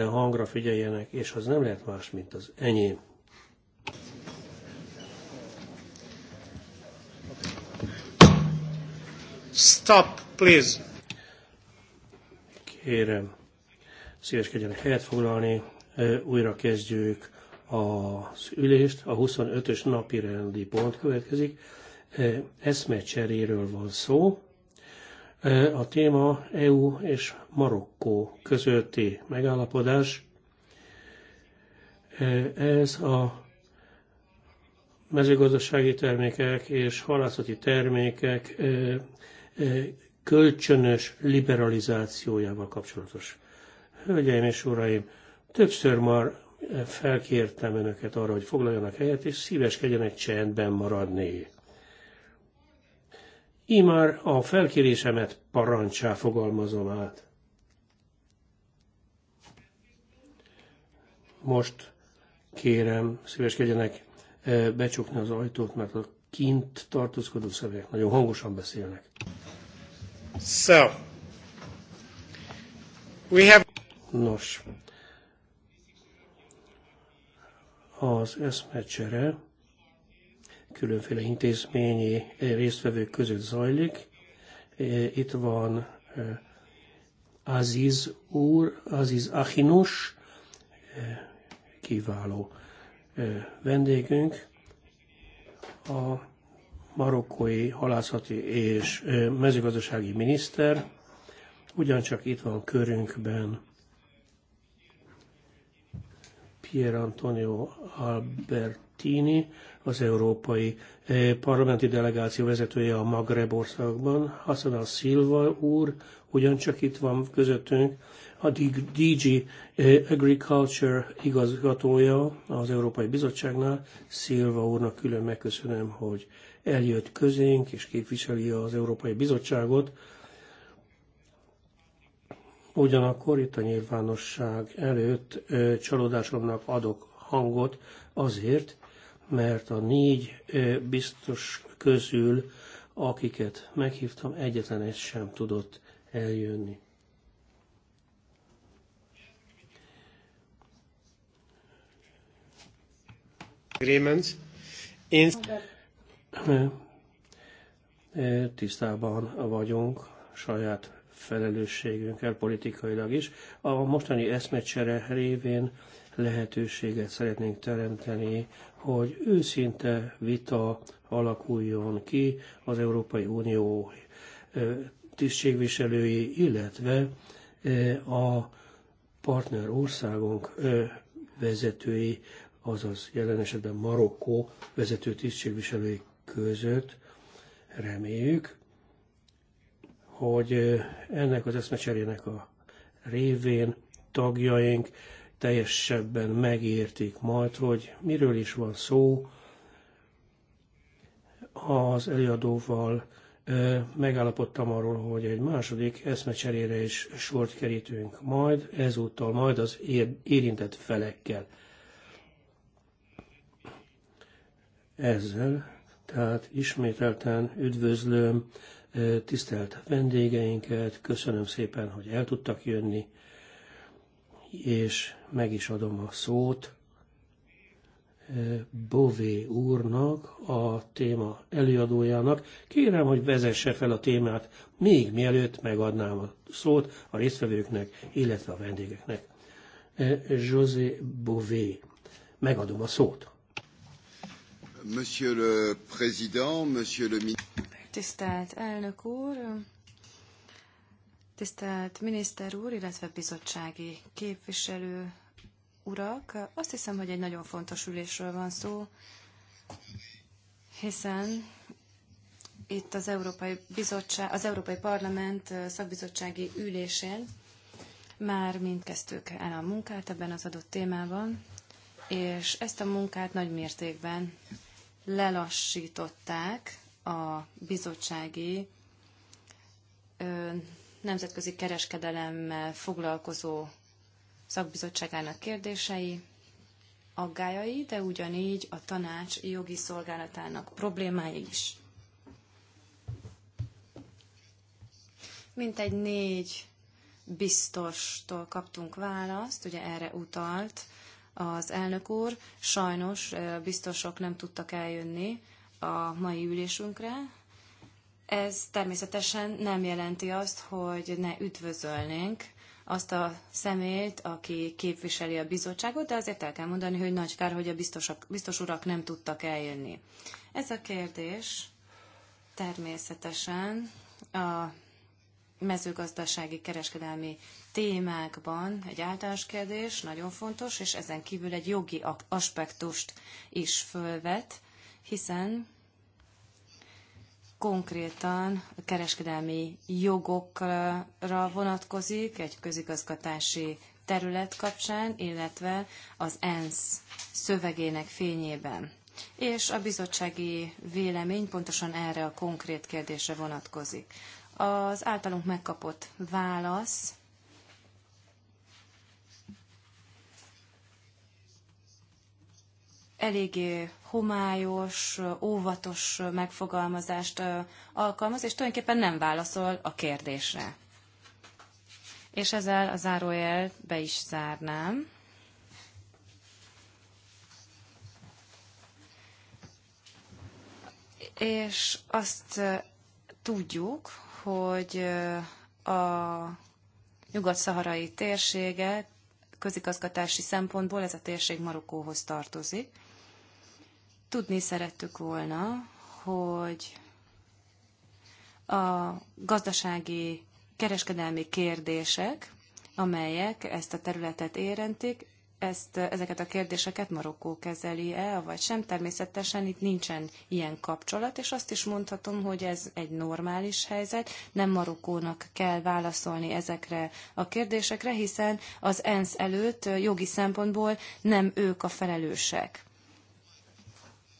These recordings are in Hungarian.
hangra figyeljenek, és az nem lehet más, mint az enyém. Stop, please. Kérem, szíveskedjenek helyet foglalni, újra kezdjük az ülést. A 25-ös napi rendi pont következik. Eszmecseréről van szó. E, a téma EU és Marokkó közötti megállapodás. E, ez a mezőgazdasági termékek és halászati termékek e, kölcsönös liberalizációjával kapcsolatos. Hölgyeim és uraim, többször már felkértem önöket arra, hogy foglaljanak helyet, és szíveskedjenek csendben maradni. Imár a felkérésemet parancsá fogalmazom át. Most kérem, szíveskedjenek eh, becsukni az ajtót, mert a kint tartózkodó személyek nagyon hangosan beszélnek. So, we have... Nos, az eszmecsere különféle intézményi eh, résztvevők között zajlik. Eh, itt van eh, Aziz úr, Aziz Achinus, kiváló vendégünk, a marokkói halászati és mezőgazdasági miniszter, ugyancsak itt van körünkben Pier Antonio Albert Albertini, az európai eh, parlamenti delegáció vezetője a Magreb országban, Hassan Silva úr, ugyancsak itt van közöttünk, a DG eh, Agriculture igazgatója az Európai Bizottságnál, Silva úrnak külön megköszönöm, hogy eljött közénk és képviseli az Európai Bizottságot. Ugyanakkor itt a nyilvánosság előtt eh, csalódásomnak adok hangot azért, mert a négy biztos közül, akiket meghívtam, egyetlen egy sem tudott eljönni. Agreements. Én... Tisztában vagyunk saját felelősségünkkel politikailag is. A mostani eszmecsere révén lehetőséget szeretnénk teremteni hogy őszinte vita alakuljon ki az Európai Unió tisztségviselői, illetve a partner országunk vezetői, azaz jelen esetben Marokkó vezető tisztségviselői között. Reméljük, hogy ennek az eszmecserének a révén tagjaink teljesebben megértik majd, hogy miről is van szó az előadóval, megállapodtam arról, hogy egy második eszmecserére is sort kerítünk majd, ezúttal majd az érintett felekkel. Ezzel, tehát ismételten üdvözlöm tisztelt vendégeinket, köszönöm szépen, hogy el tudtak jönni, és meg is adom a szót Bové úrnak, a téma előadójának. Kérem, hogy vezesse fel a témát, még mielőtt megadnám a szót a résztvevőknek, illetve a vendégeknek. José Bové, megadom a szót. Monsieur le Président, Monsieur le Ministre. Tisztelt elnök úr, Tisztelt miniszter úr, illetve bizottsági képviselő urak, azt hiszem, hogy egy nagyon fontos ülésről van szó, hiszen itt az Európai, Bizottság, az Európai Parlament szakbizottsági ülésén már mind kezdtük el a munkát ebben az adott témában, és ezt a munkát nagy mértékben lelassították a bizottsági nemzetközi kereskedelemmel foglalkozó szakbizottságának kérdései, aggájai, de ugyanígy a tanács jogi szolgálatának problémái is. Mint egy négy biztostól kaptunk választ, ugye erre utalt az elnök úr. Sajnos biztosok nem tudtak eljönni a mai ülésünkre, ez természetesen nem jelenti azt, hogy ne üdvözölnénk azt a személyt, aki képviseli a bizottságot, de azért el kell mondani, hogy nagy kár, hogy a biztosak, biztos urak nem tudtak eljönni. Ez a kérdés természetesen a mezőgazdasági kereskedelmi témákban egy általános kérdés, nagyon fontos, és ezen kívül egy jogi aspektust is fölvet, hiszen konkrétan a kereskedelmi jogokra vonatkozik egy közigazgatási terület kapcsán, illetve az ENSZ szövegének fényében. És a bizottsági vélemény pontosan erre a konkrét kérdésre vonatkozik. Az általunk megkapott válasz eléggé homályos, óvatos megfogalmazást alkalmaz, és tulajdonképpen nem válaszol a kérdésre. És ezzel a zárójel be is zárnám. És azt tudjuk, hogy a nyugat-szaharai térséget közigazgatási szempontból ez a térség Marokkóhoz tartozik. Tudni szerettük volna, hogy a gazdasági, kereskedelmi kérdések, amelyek ezt a területet érintik, ezt, ezeket a kérdéseket Marokkó kezeli el, vagy sem. Természetesen itt nincsen ilyen kapcsolat, és azt is mondhatom, hogy ez egy normális helyzet. Nem Marokkónak kell válaszolni ezekre a kérdésekre, hiszen az ENSZ előtt jogi szempontból nem ők a felelősek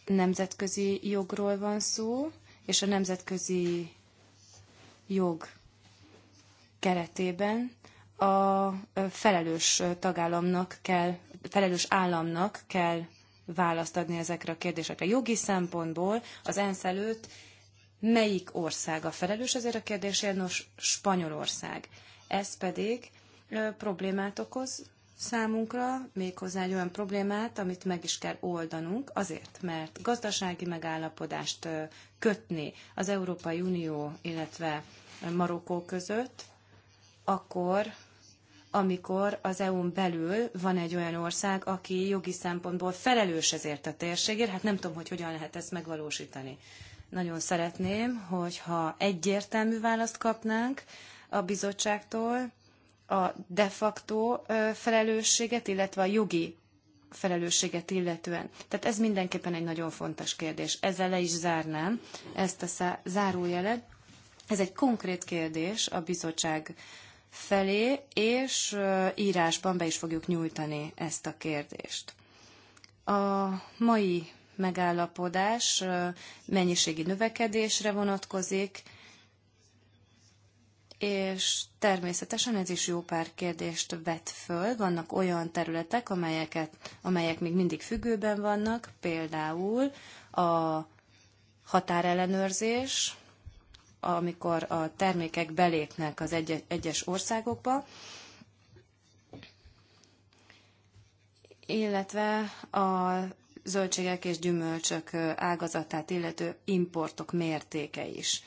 nemzetközi jogról van szó, és a nemzetközi jog keretében a felelős tagállamnak kell, felelős államnak kell választ adni ezekre a kérdésekre. Jogi szempontból az ENSZ előtt melyik ország a felelős ezért a kérdésért? Nos, Spanyolország. Ez pedig problémát okoz számunkra, méghozzá egy olyan problémát, amit meg is kell oldanunk, azért, mert gazdasági megállapodást kötni az Európai Unió, illetve Marokkó között, akkor, amikor az EU-n belül van egy olyan ország, aki jogi szempontból felelős ezért a térségért, hát nem tudom, hogy hogyan lehet ezt megvalósítani. Nagyon szeretném, hogyha egyértelmű választ kapnánk a bizottságtól, a de facto felelősséget, illetve a jogi felelősséget illetően. Tehát ez mindenképpen egy nagyon fontos kérdés. Ezzel le is zárnám ezt a zárójelet. Ez egy konkrét kérdés a bizottság felé, és írásban be is fogjuk nyújtani ezt a kérdést. A mai megállapodás mennyiségi növekedésre vonatkozik, és természetesen ez is jó pár kérdést vet föl. Vannak olyan területek, amelyeket, amelyek még mindig függőben vannak, például a határellenőrzés, amikor a termékek belépnek az egy- egyes országokba, illetve a zöldségek és gyümölcsök ágazatát illető importok mértéke is.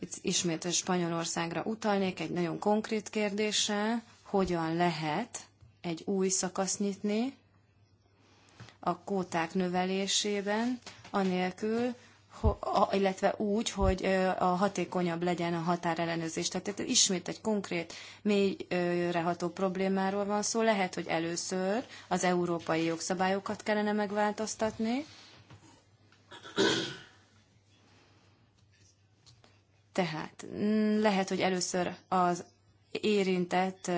Itt ismét Spanyolországra utalnék egy nagyon konkrét kérdéssel, hogyan lehet egy új szakasz nyitni a kóták növelésében, anélkül, illetve úgy, hogy a hatékonyabb legyen a határellenőrzés. Tehát itt ismét egy konkrét, mélyreható problémáról van szó. Lehet, hogy először az európai jogszabályokat kellene megváltoztatni, tehát mm, lehet, hogy először az érintett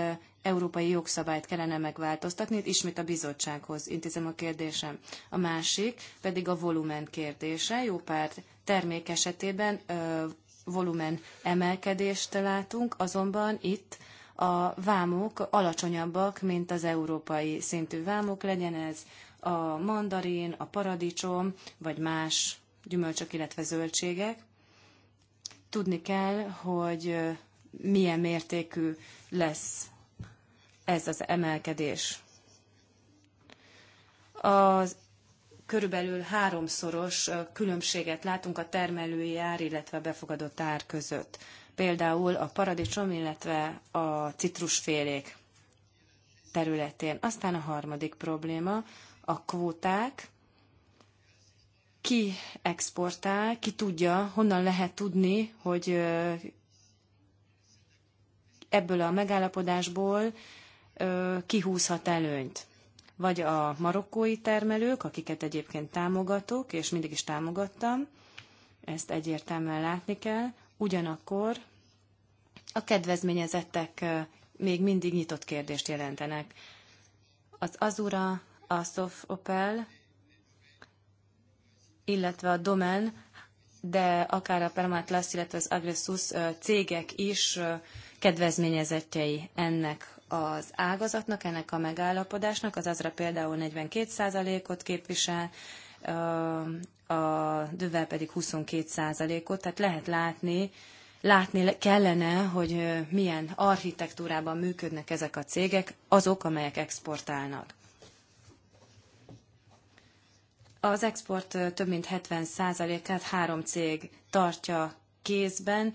európai jogszabályt kellene megváltoztatni, itt ismét a bizottsághoz intézem a kérdésem. A másik pedig a volumen kérdése. Jó pár termék esetében ö, volumen emelkedést látunk, azonban itt a vámok alacsonyabbak, mint az európai szintű vámok, legyen ez a mandarin, a paradicsom, vagy más gyümölcsök, illetve zöldségek. Tudni kell, hogy milyen mértékű lesz ez az emelkedés. A körülbelül háromszoros különbséget látunk a termelői ár, illetve a befogadott ár között. Például a paradicsom, illetve a citrusfélék területén. Aztán a harmadik probléma, a kvóták, ki exportál, ki tudja, honnan lehet tudni, hogy ebből a megállapodásból kihúzhat előnyt. Vagy a marokkói termelők, akiket egyébként támogatok, és mindig is támogattam, ezt egyértelműen látni kell, ugyanakkor a kedvezményezettek még mindig nyitott kérdést jelentenek. Az Azura, a Sof Opel illetve a Domen, de akár a permanent lesz, illetve az Agressus cégek is kedvezményezettjei ennek az ágazatnak, ennek a megállapodásnak. Az Azra például 42%-ot képvisel, a Dövel pedig 22%-ot, tehát lehet látni, látni kellene, hogy milyen architektúrában működnek ezek a cégek, azok, amelyek exportálnak. Az export több mint 70%-át három cég tartja kézben,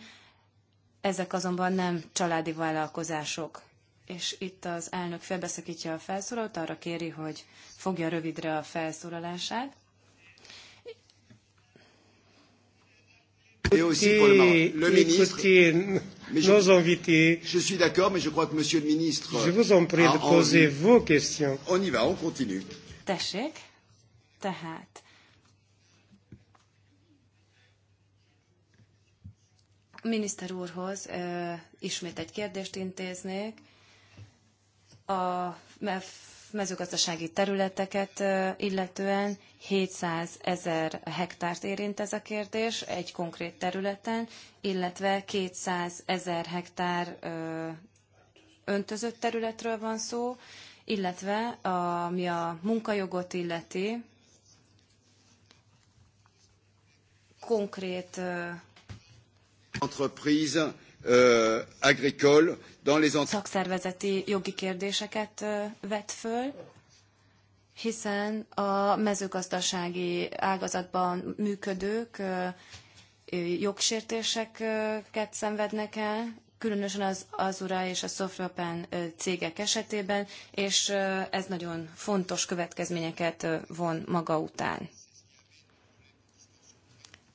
ezek azonban nem családi vállalkozások. És itt az elnök felbeszakítja a felszólalót, arra kéri, hogy fogja rövidre a felszólalását. Et aussi pour le Le ministre. Mais je, nos invités. Je suis d'accord, mais je crois que Monsieur le ministre. Je vous en prie de poser vos questions. On y va, on continue. Tâchez. Tehát a miniszter úrhoz ö, ismét egy kérdést intéznék. A mezőgazdasági területeket illetően 700 ezer hektárt érint ez a kérdés egy konkrét területen, illetve 200 ezer hektár öntözött területről van szó, illetve ami a munkajogot illeti, konkrét euh, entreprise euh, agricole dans les szakszervezeti jogi kérdéseket euh, vet föl, hiszen a mezőgazdasági ágazatban működők jogsértéseket szenvednek el, különösen az Azura és a Sofrapen cégek esetében, és ez nagyon fontos következményeket von maga után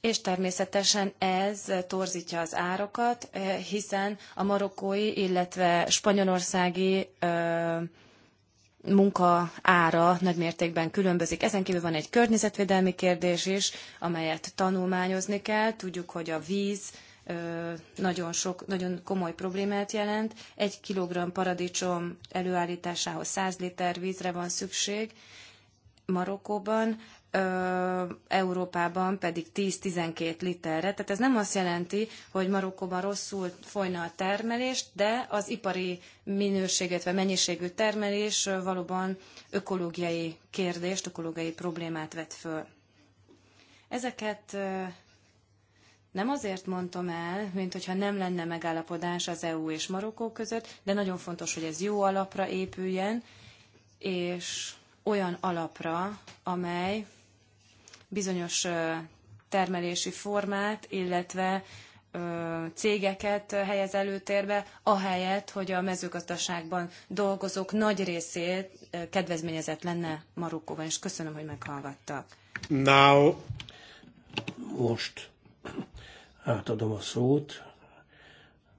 és természetesen ez torzítja az árokat, eh, hiszen a marokkói, illetve spanyolországi munka ára nagymértékben különbözik. Ezen kívül van egy környezetvédelmi kérdés is, amelyet tanulmányozni kell. Tudjuk, hogy a víz nagyon, sok, nagyon komoly problémát jelent. Egy kilogramm paradicsom előállításához 100 liter vízre van szükség Marokkóban. Európában pedig 10-12 literre. Tehát ez nem azt jelenti, hogy Marokkóban rosszul folyna a termelést, de az ipari minőséget vagy mennyiségű termelés valóban ökológiai kérdést, ökológiai problémát vet föl. Ezeket nem azért mondtam el, mint hogyha nem lenne megállapodás az EU és Marokkó között, de nagyon fontos, hogy ez jó alapra épüljen, és olyan alapra, amely bizonyos termelési formát, illetve cégeket helyez előtérbe, ahelyett, hogy a mezőgazdaságban dolgozók nagy részét kedvezményezett lenne Marokkóban, és köszönöm, hogy meghallgattak. Now, most átadom a szót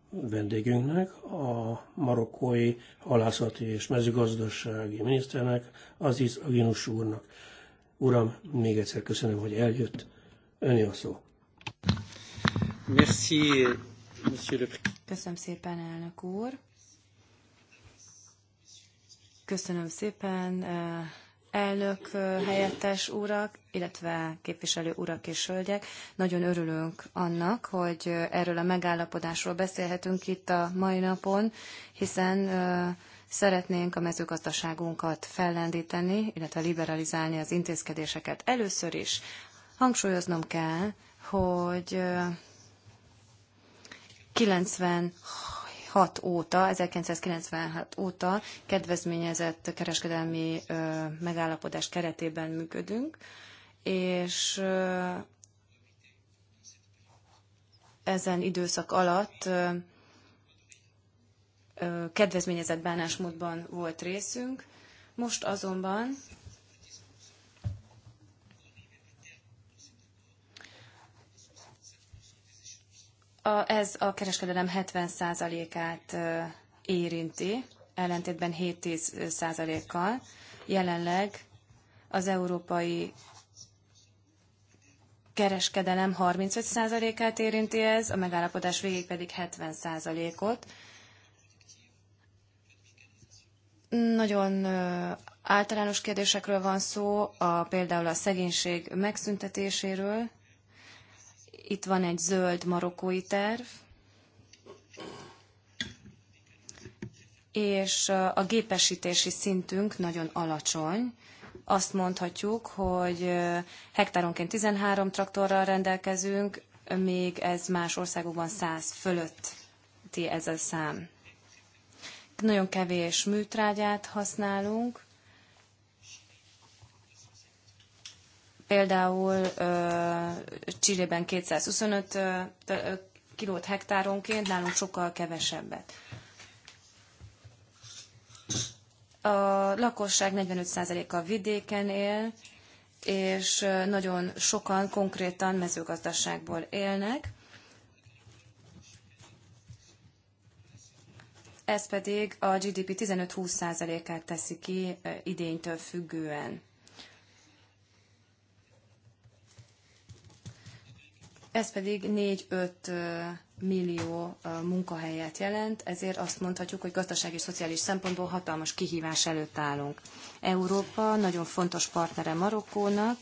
vendégünknek, a marokkói halászati és mezőgazdasági miniszternek, Aziz Aginus úrnak. Uram, még egyszer köszönöm, hogy eljött. ön a szó. Merci, monsieur le... Köszönöm szépen, elnök úr. Köszönöm szépen, elnök helyettes urak, illetve képviselő urak és hölgyek. Nagyon örülünk annak, hogy erről a megállapodásról beszélhetünk itt a mai napon, hiszen Szeretnénk a mezőgazdaságunkat fellendíteni, illetve liberalizálni az intézkedéseket. Először is hangsúlyoznom kell, hogy 96 óta, 1996 óta kedvezményezett kereskedelmi megállapodás keretében működünk, és ezen időszak alatt kedvezményezett bánásmódban volt részünk. Most azonban a, ez a kereskedelem 70%-át érinti, ellentétben 7-10%-kal. Jelenleg az európai kereskedelem 35%-át érinti ez, a megállapodás végig pedig 70%-ot. Nagyon általános kérdésekről van szó, a, például a szegénység megszüntetéséről. Itt van egy zöld marokkói terv, és a gépesítési szintünk nagyon alacsony. Azt mondhatjuk, hogy hektáronként 13 traktorral rendelkezünk, még ez más országokban 100 fölötti ez a szám nagyon kevés műtrágyát használunk, például Csillében 225 kilót hektáronként, nálunk sokkal kevesebbet. A lakosság 45%-a vidéken él, és nagyon sokan konkrétan mezőgazdaságból élnek. ez pedig a GDP 15-20%-át teszi ki idénytől függően. Ez pedig 4-5 millió munkahelyet jelent, ezért azt mondhatjuk, hogy gazdasági és szociális szempontból hatalmas kihívás előtt állunk. Európa nagyon fontos partnere Marokkónak,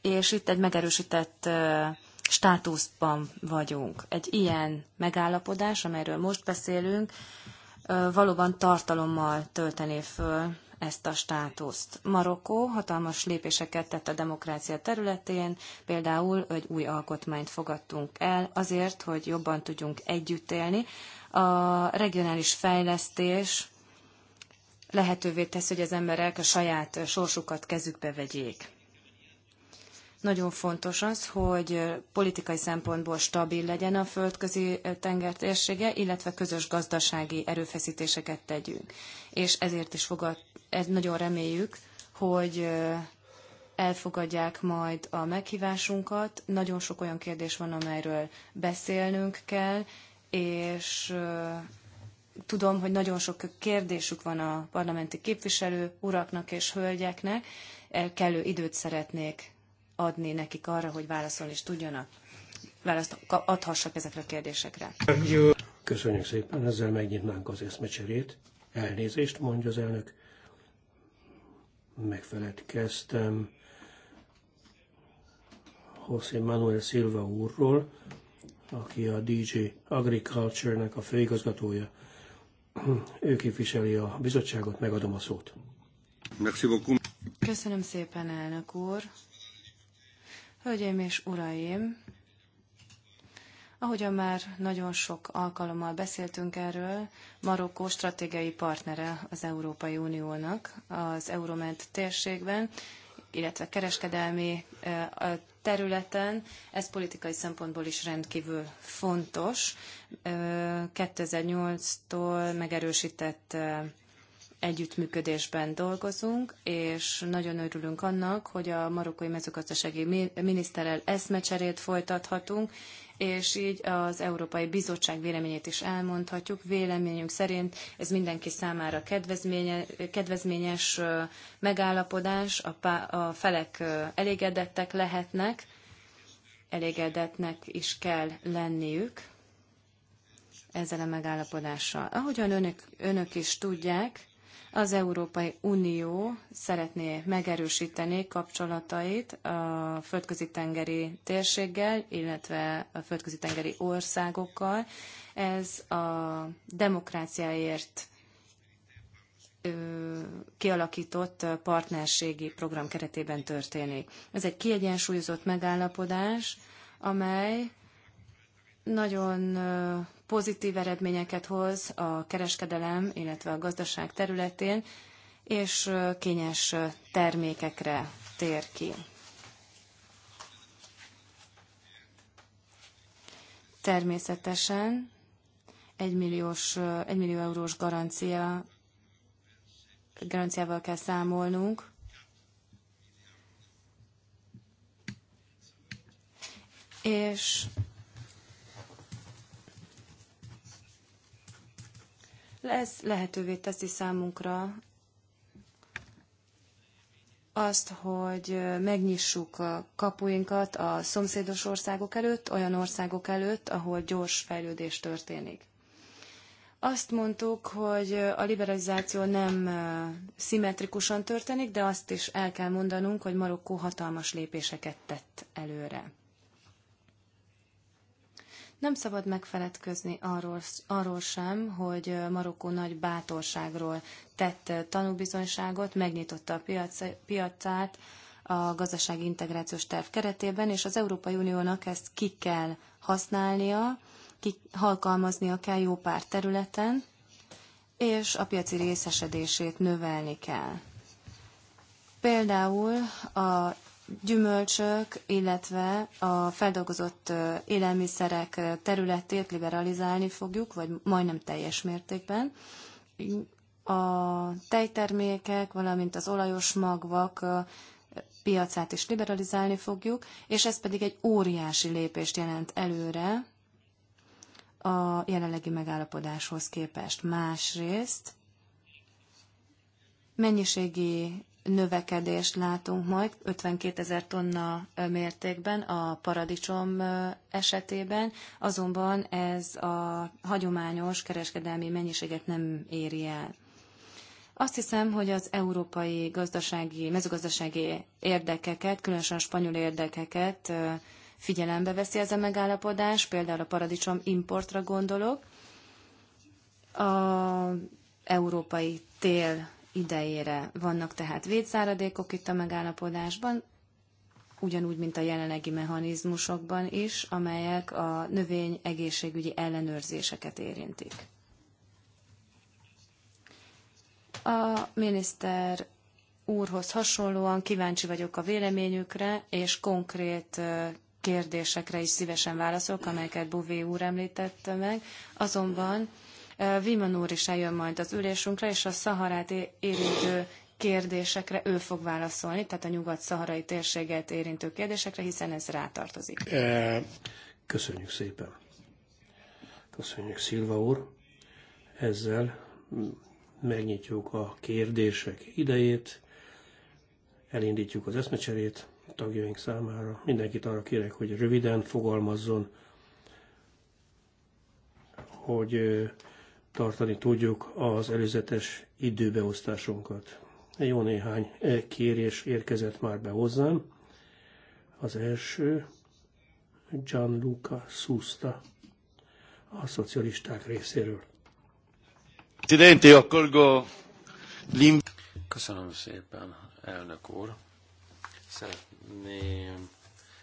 és itt egy megerősített státuszban vagyunk. Egy ilyen megállapodás, amelyről most beszélünk, valóban tartalommal töltené föl ezt a státuszt. Marokkó hatalmas lépéseket tett a demokrácia területén, például egy új alkotmányt fogadtunk el azért, hogy jobban tudjunk együtt élni. A regionális fejlesztés lehetővé tesz, hogy az emberek a saját sorsukat kezükbe vegyék. Nagyon fontos az, hogy politikai szempontból stabil legyen a földközi tenger térsége, illetve közös gazdasági erőfeszítéseket tegyünk. És ezért is fogad, ez nagyon reméljük, hogy elfogadják majd a meghívásunkat. Nagyon sok olyan kérdés van, amelyről beszélnünk kell, és tudom, hogy nagyon sok kérdésük van a parlamenti képviselő uraknak és hölgyeknek, kellő időt szeretnék adni nekik arra, hogy válaszolni is tudjanak, választ adhassak ezekre a kérdésekre. Köszönjük szépen, ezzel megnyitnánk az eszmecserét. Elnézést, mondja az elnök. Megfeledkeztem José Manuel Silva úrról, aki a DJ Agriculture-nek a főigazgatója. Ő képviseli a bizottságot, megadom a szót. Köszönöm szépen, elnök úr. Hölgyeim és uraim, ahogyan már nagyon sok alkalommal beszéltünk erről, Marokkó stratégiai partnere az Európai Uniónak az euróment térségben, illetve kereskedelmi területen. Ez politikai szempontból is rendkívül fontos. 2008-tól megerősített együttműködésben dolgozunk, és nagyon örülünk annak, hogy a marokkai mezőgazdasági miniszterrel eszmecserét folytathatunk, és így az Európai Bizottság véleményét is elmondhatjuk. Véleményünk szerint ez mindenki számára kedvezménye, kedvezményes megállapodás, a, pá, a felek elégedettek lehetnek, elégedetnek is kell lenniük ezzel a megállapodással. Ahogyan önök, önök is tudják, az Európai Unió szeretné megerősíteni kapcsolatait a földközi-tengeri térséggel, illetve a földközi-tengeri országokkal. Ez a demokráciáért kialakított partnerségi program keretében történik. Ez egy kiegyensúlyozott megállapodás, amely nagyon pozitív eredményeket hoz a kereskedelem, illetve a gazdaság területén, és kényes termékekre tér ki. Természetesen egy millió eurós garancia, garanciával kell számolnunk. És lesz, lehetővé teszi számunkra azt, hogy megnyissuk a kapuinkat a szomszédos országok előtt, olyan országok előtt, ahol gyors fejlődés történik. Azt mondtuk, hogy a liberalizáció nem szimmetrikusan történik, de azt is el kell mondanunk, hogy Marokkó hatalmas lépéseket tett előre. Nem szabad megfeledkezni arról, arról sem, hogy Marokkó nagy bátorságról tett tanúbizonyságot, megnyitotta a piac, piacát a gazdasági integrációs terv keretében, és az Európai Uniónak ezt ki kell használnia, ki, alkalmaznia kell jó pár területen, és a piaci részesedését növelni kell. Például a gyümölcsök, illetve a feldolgozott élelmiszerek területét liberalizálni fogjuk, vagy majdnem teljes mértékben. A tejtermékek, valamint az olajos magvak piacát is liberalizálni fogjuk, és ez pedig egy óriási lépést jelent előre a jelenlegi megállapodáshoz képest. Másrészt mennyiségi növekedést látunk majd, 52 ezer tonna mértékben a paradicsom esetében, azonban ez a hagyományos kereskedelmi mennyiséget nem éri el. Azt hiszem, hogy az európai gazdasági, mezőgazdasági érdekeket, különösen a spanyol érdekeket figyelembe veszi ez a megállapodás, például a paradicsom importra gondolok. A európai tél idejére. Vannak tehát védszáradékok itt a megállapodásban, ugyanúgy, mint a jelenlegi mechanizmusokban is, amelyek a növény egészségügyi ellenőrzéseket érintik. A miniszter úrhoz hasonlóan kíváncsi vagyok a véleményükre, és konkrét kérdésekre is szívesen válaszolok, amelyeket Bové úr említette meg. Azonban Viman úr is eljön majd az ülésünkre, és a Szaharát érintő kérdésekre ő fog válaszolni, tehát a nyugat-szaharai térséget érintő kérdésekre, hiszen ez rátartozik. Köszönjük szépen. Köszönjük, Szilva úr. Ezzel megnyitjuk a kérdések idejét, elindítjuk az eszmecserét a tagjaink számára. Mindenkit arra kérek, hogy röviden fogalmazzon, hogy tartani tudjuk az előzetes időbeosztásunkat. Jó néhány e, kérés érkezett már be hozzám. Az első Gianluca Susta a szocialisták részéről. Köszönöm szépen, elnök úr. Szeretném,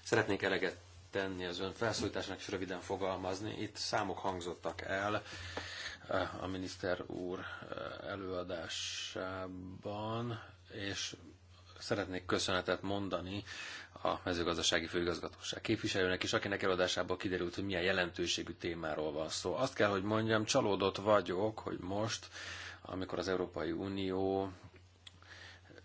szeretnék eleget tenni az ön felszólításnak, és röviden fogalmazni. Itt számok hangzottak el, a miniszter úr eh, előadásában, és szeretnék köszönetet mondani a mezőgazdasági főigazgatóság képviselőnek is, akinek előadásából kiderült, hogy milyen jelentőségű témáról van szó. Azt kell, hogy mondjam, csalódott vagyok, hogy most, amikor az Európai Unió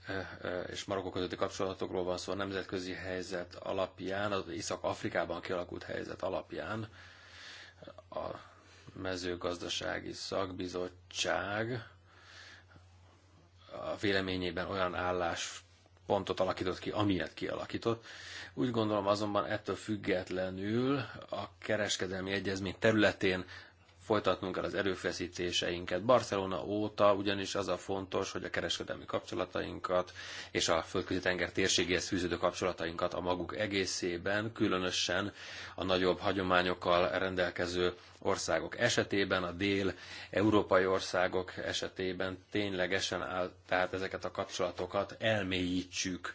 eh, eh, és Marokkó közötti kapcsolatokról van szó a nemzetközi helyzet alapján, az Észak-Afrikában kialakult helyzet alapján, a mezőgazdasági szakbizottság a véleményében olyan álláspontot alakított ki, amilyet kialakított. Úgy gondolom azonban ettől függetlenül a kereskedelmi egyezmény területén folytatnunk kell az erőfeszítéseinket. Barcelona óta ugyanis az a fontos, hogy a kereskedelmi kapcsolatainkat és a földközi tenger térségéhez fűződő kapcsolatainkat a maguk egészében, különösen a nagyobb hagyományokkal rendelkező országok esetében, a dél-európai országok esetében ténylegesen áll, tehát ezeket a kapcsolatokat elmélyítsük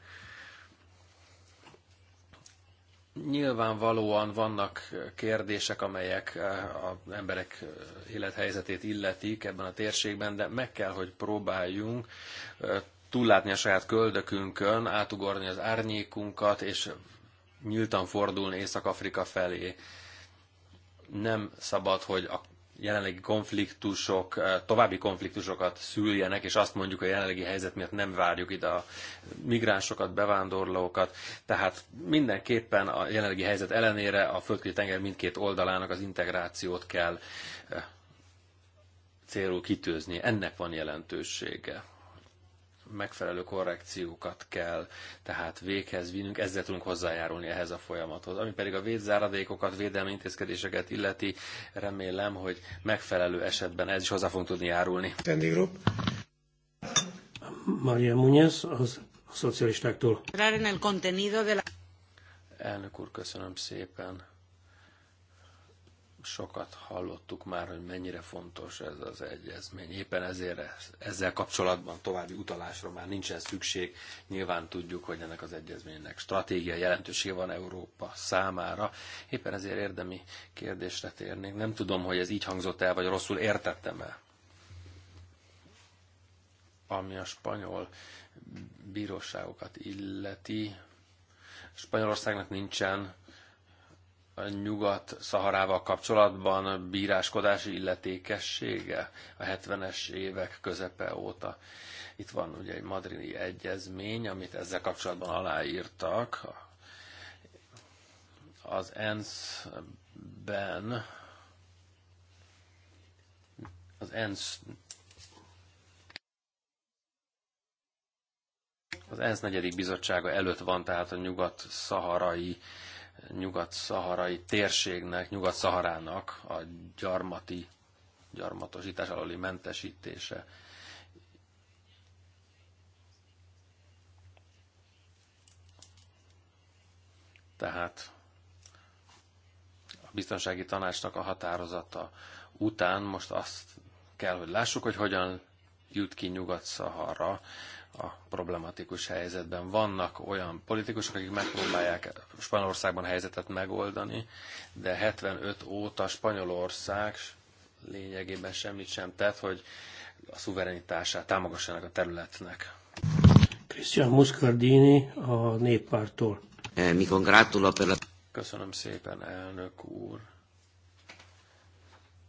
Nyilvánvalóan vannak kérdések, amelyek eh, az emberek eh, élethelyzetét illetik ebben a térségben, de meg kell, hogy próbáljunk eh, túllátni a saját köldökünkön, átugorni az árnyékunkat, és nyíltan fordulni Észak-Afrika felé. Nem szabad, hogy a jelenlegi konfliktusok eh, további konfliktusokat szüljenek, és azt mondjuk a jelenlegi helyzet miatt nem várjuk ide a migránsokat, bevándorlókat. Tehát mindenképpen a jelenlegi helyzet ellenére a földközi tenger mindkét oldalának az integrációt kell eh, célul kitűzni. Ennek van jelentősége megfelelő korrekciókat kell tehát véghez vinnünk, ezzel tudunk hozzájárulni ehhez a folyamathoz. Ami pedig a védzáradékokat, védelmi intézkedéseket illeti, remélem, hogy megfelelő esetben ez is hozzá fogunk tudni járulni. Tendigrup. Maria Muñez, az a szocialistáktól. Elnök úr, köszönöm szépen sokat hallottuk már, hogy mennyire fontos ez az egyezmény. Éppen ezért ezzel kapcsolatban további utalásra már nincsen szükség. Nyilván tudjuk, hogy ennek az egyezménynek stratégia jelentősége van Európa számára. Éppen ezért érdemi kérdésre térnék. Nem tudom, hogy ez így hangzott el, vagy rosszul értettem-e. Ami a spanyol bíróságokat illeti, Spanyolországnak nincsen Nyugat-Szaharával kapcsolatban bíráskodási illetékessége a 70-es évek közepe óta. Itt van ugye egy madrini egyezmény, amit ezzel kapcsolatban aláírtak. Az ENSZ-ben az ENSZ az ENSZ negyedik bizottsága előtt van tehát a nyugat-szaharai nyugat-szaharai térségnek, nyugat-szaharának a gyarmati, gyarmatosítás alali mentesítése. Tehát a biztonsági tanácsnak a határozata után most azt kell, hogy lássuk, hogy hogyan jut ki Nyugat-Szahara a problematikus helyzetben. Vannak olyan politikusok, akik megpróbálják Spanyolországban helyzetet megoldani, de 75 óta Spanyolország lényegében semmit sem tett, hogy a szuverenitását támogassanak a területnek. Christian Muscardini a néppártól. Eh, mi congratulo per Köszönöm szépen, elnök úr.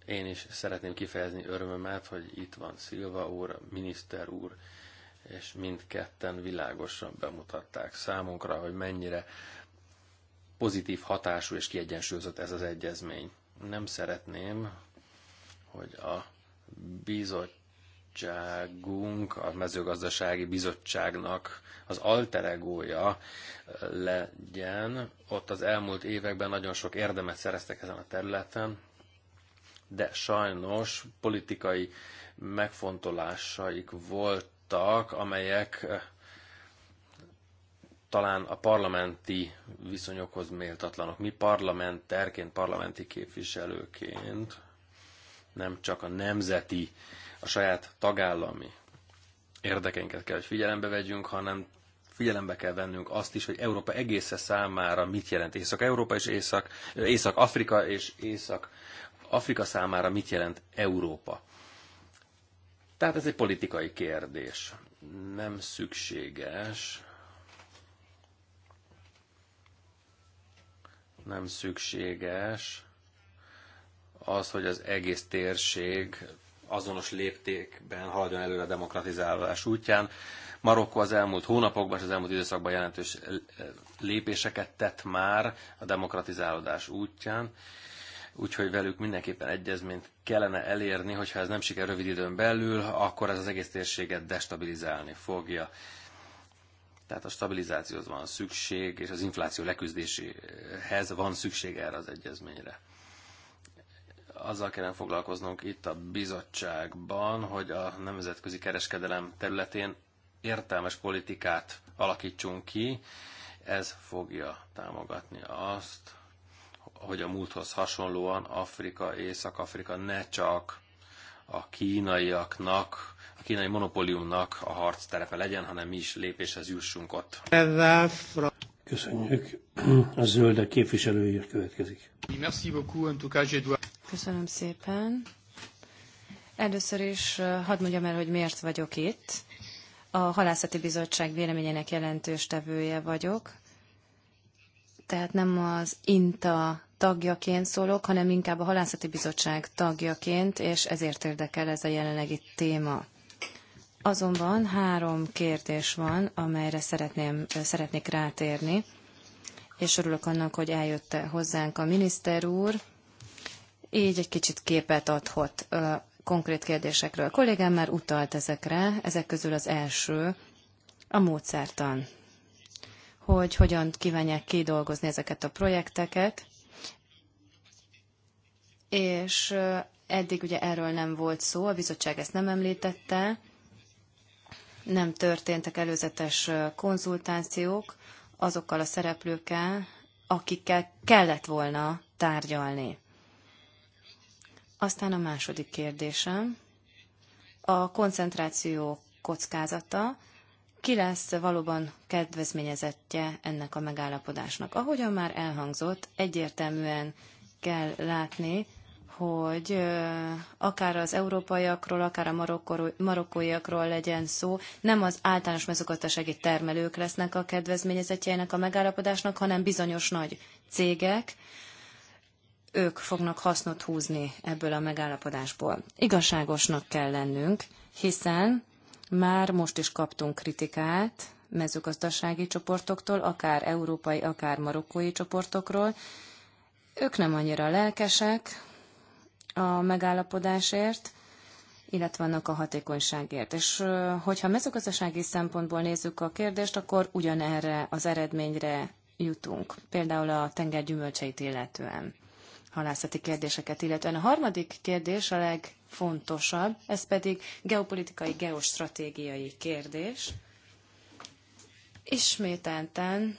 Én is szeretném kifejezni örömömet, hogy itt van Szilva úr, miniszter úr, és mindketten világosan bemutatták számunkra, hogy mennyire pozitív hatású és kiegyensúlyozott ez az egyezmény. Nem szeretném, hogy a bizottságunk, a mezőgazdasági bizottságnak az alteregója legyen. Ott az elmúlt években nagyon sok érdemet szereztek ezen a területen, de sajnos politikai megfontolásaik volt voltak, amelyek eh, talán a parlamenti viszonyokhoz méltatlanok. Mi parlamenterként, parlamenti képviselőként nem csak a nemzeti, a saját tagállami érdekeinket kell, hogy figyelembe vegyünk, hanem figyelembe kell vennünk azt is, hogy Európa egésze számára mit jelent Észak-Európa és Észak, Észak-Afrika és Észak-Afrika számára mit jelent Európa. Tehát ez egy politikai kérdés. Nem szükséges, nem szükséges az, hogy az egész térség azonos léptékben haladjon előre a demokratizálás útján. Marokko az elmúlt hónapokban és az elmúlt időszakban jelentős lépéseket tett már a demokratizálódás útján, úgyhogy velük mindenképpen egyezményt kellene elérni, hogyha ez nem siker rövid időn belül, akkor ez az egész térséget destabilizálni fogja. Tehát a stabilizációhoz van szükség, és az infláció leküzdéséhez van szükség erre az egyezményre. Azzal kellene foglalkoznunk itt a bizottságban, hogy a nemzetközi kereskedelem területén értelmes politikát alakítsunk ki, ez fogja támogatni azt, hogy a múlthoz hasonlóan Afrika, Észak-Afrika ne csak a kínaiaknak, a kínai monopóliumnak a harc terepe legyen, hanem mi is lépéshez jussunk ott. Köszönjük. A zöldek képviselője következik. Köszönöm szépen. Először is hadd mondjam el, hogy miért vagyok itt. A Halászati Bizottság véleményének jelentős tevője vagyok, tehát nem az INTA tagjaként szólok, hanem inkább a Halászati Bizottság tagjaként, és ezért érdekel ez a jelenlegi téma. Azonban három kérdés van, amelyre szeretném, szeretnék rátérni, és örülök annak, hogy eljött hozzánk a miniszter úr, így egy kicsit képet adhat a konkrét kérdésekről. A kollégám már utalt ezekre, ezek közül az első a módszertan, hogy hogyan kívánják kidolgozni ezeket a projekteket, és eddig ugye erről nem volt szó, a bizottság ezt nem említette, nem történtek előzetes konzultációk azokkal a szereplőkkel, akikkel kellett volna tárgyalni. Aztán a második kérdésem, a koncentráció kockázata, ki lesz valóban kedvezményezettje ennek a megállapodásnak. Ahogyan már elhangzott, egyértelműen kell látni, hogy akár az európaiakról, akár a marokkóiakról legyen szó, nem az általános mezőgazdasági termelők lesznek a kedvezményezetjeinek a megállapodásnak, hanem bizonyos nagy cégek, ők fognak hasznot húzni ebből a megállapodásból. Igazságosnak kell lennünk, hiszen már most is kaptunk kritikát mezőgazdasági csoportoktól, akár európai, akár marokkói csoportokról. Ők nem annyira lelkesek, a megállapodásért, illetve annak a hatékonyságért. És hogyha mezőgazdasági szempontból nézzük a kérdést, akkor ugyanerre az eredményre jutunk, például a tenger gyümölcseit illetően, halászati kérdéseket illetően. A harmadik kérdés a legfontosabb, ez pedig geopolitikai, geostratégiai kérdés. Ismételten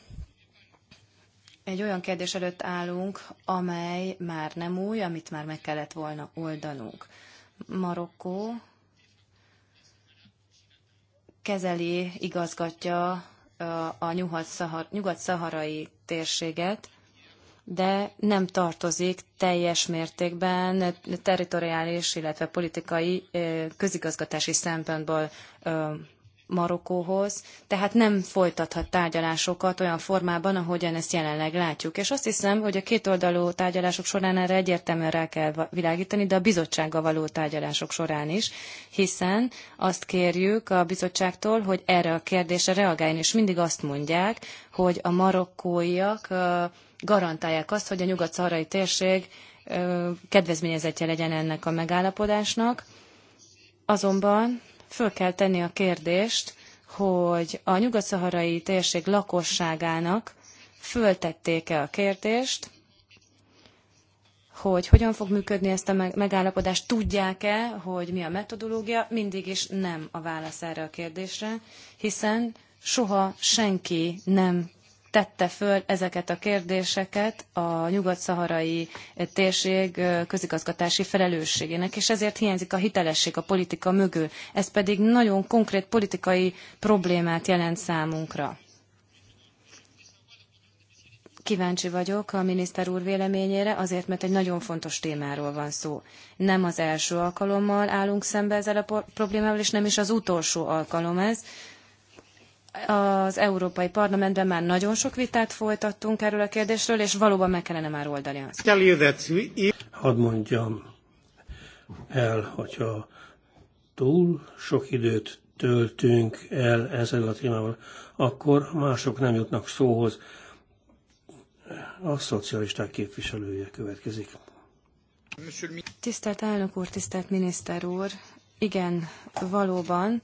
egy olyan kérdés előtt állunk, amely már nem új, amit már meg kellett volna oldanunk. Marokkó kezeli, igazgatja a nyugat-szaharai térséget, de nem tartozik teljes mértékben territoriális, illetve politikai közigazgatási szempontból Marokkóhoz, tehát nem folytathat tárgyalásokat olyan formában, ahogyan ezt jelenleg látjuk. És azt hiszem, hogy a kétoldalú tárgyalások során erre egyértelműen rá kell világítani, de a bizottsággal való tárgyalások során is, hiszen azt kérjük a bizottságtól, hogy erre a kérdésre reagáljon, és mindig azt mondják, hogy a marokkóiak garantálják azt, hogy a nyugat-szarai térség kedvezményezetje legyen ennek a megállapodásnak. Azonban föl kell tenni a kérdést, hogy a nyugat-szaharai térség lakosságának föltették-e a kérdést, hogy hogyan fog működni ezt a megállapodást, tudják-e, hogy mi a metodológia, mindig is nem a válasz erre a kérdésre, hiszen soha senki nem tette föl ezeket a kérdéseket a nyugat-szaharai térség közigazgatási felelősségének, és ezért hiányzik a hitelesség a politika mögül. Ez pedig nagyon konkrét politikai problémát jelent számunkra. Kíváncsi vagyok a miniszter úr véleményére, azért, mert egy nagyon fontos témáról van szó. Nem az első alkalommal állunk szembe ezzel a problémával, és nem is az utolsó alkalom ez. Az Európai Parlamentben már nagyon sok vitát folytattunk erről a kérdésről, és valóban meg kellene már oldani azt. Hadd mondjam el, hogyha túl sok időt töltünk el ezzel a témával, akkor mások nem jutnak szóhoz. A szocialisták képviselője következik. Tisztelt elnök úr, tisztelt miniszter úr! Igen, valóban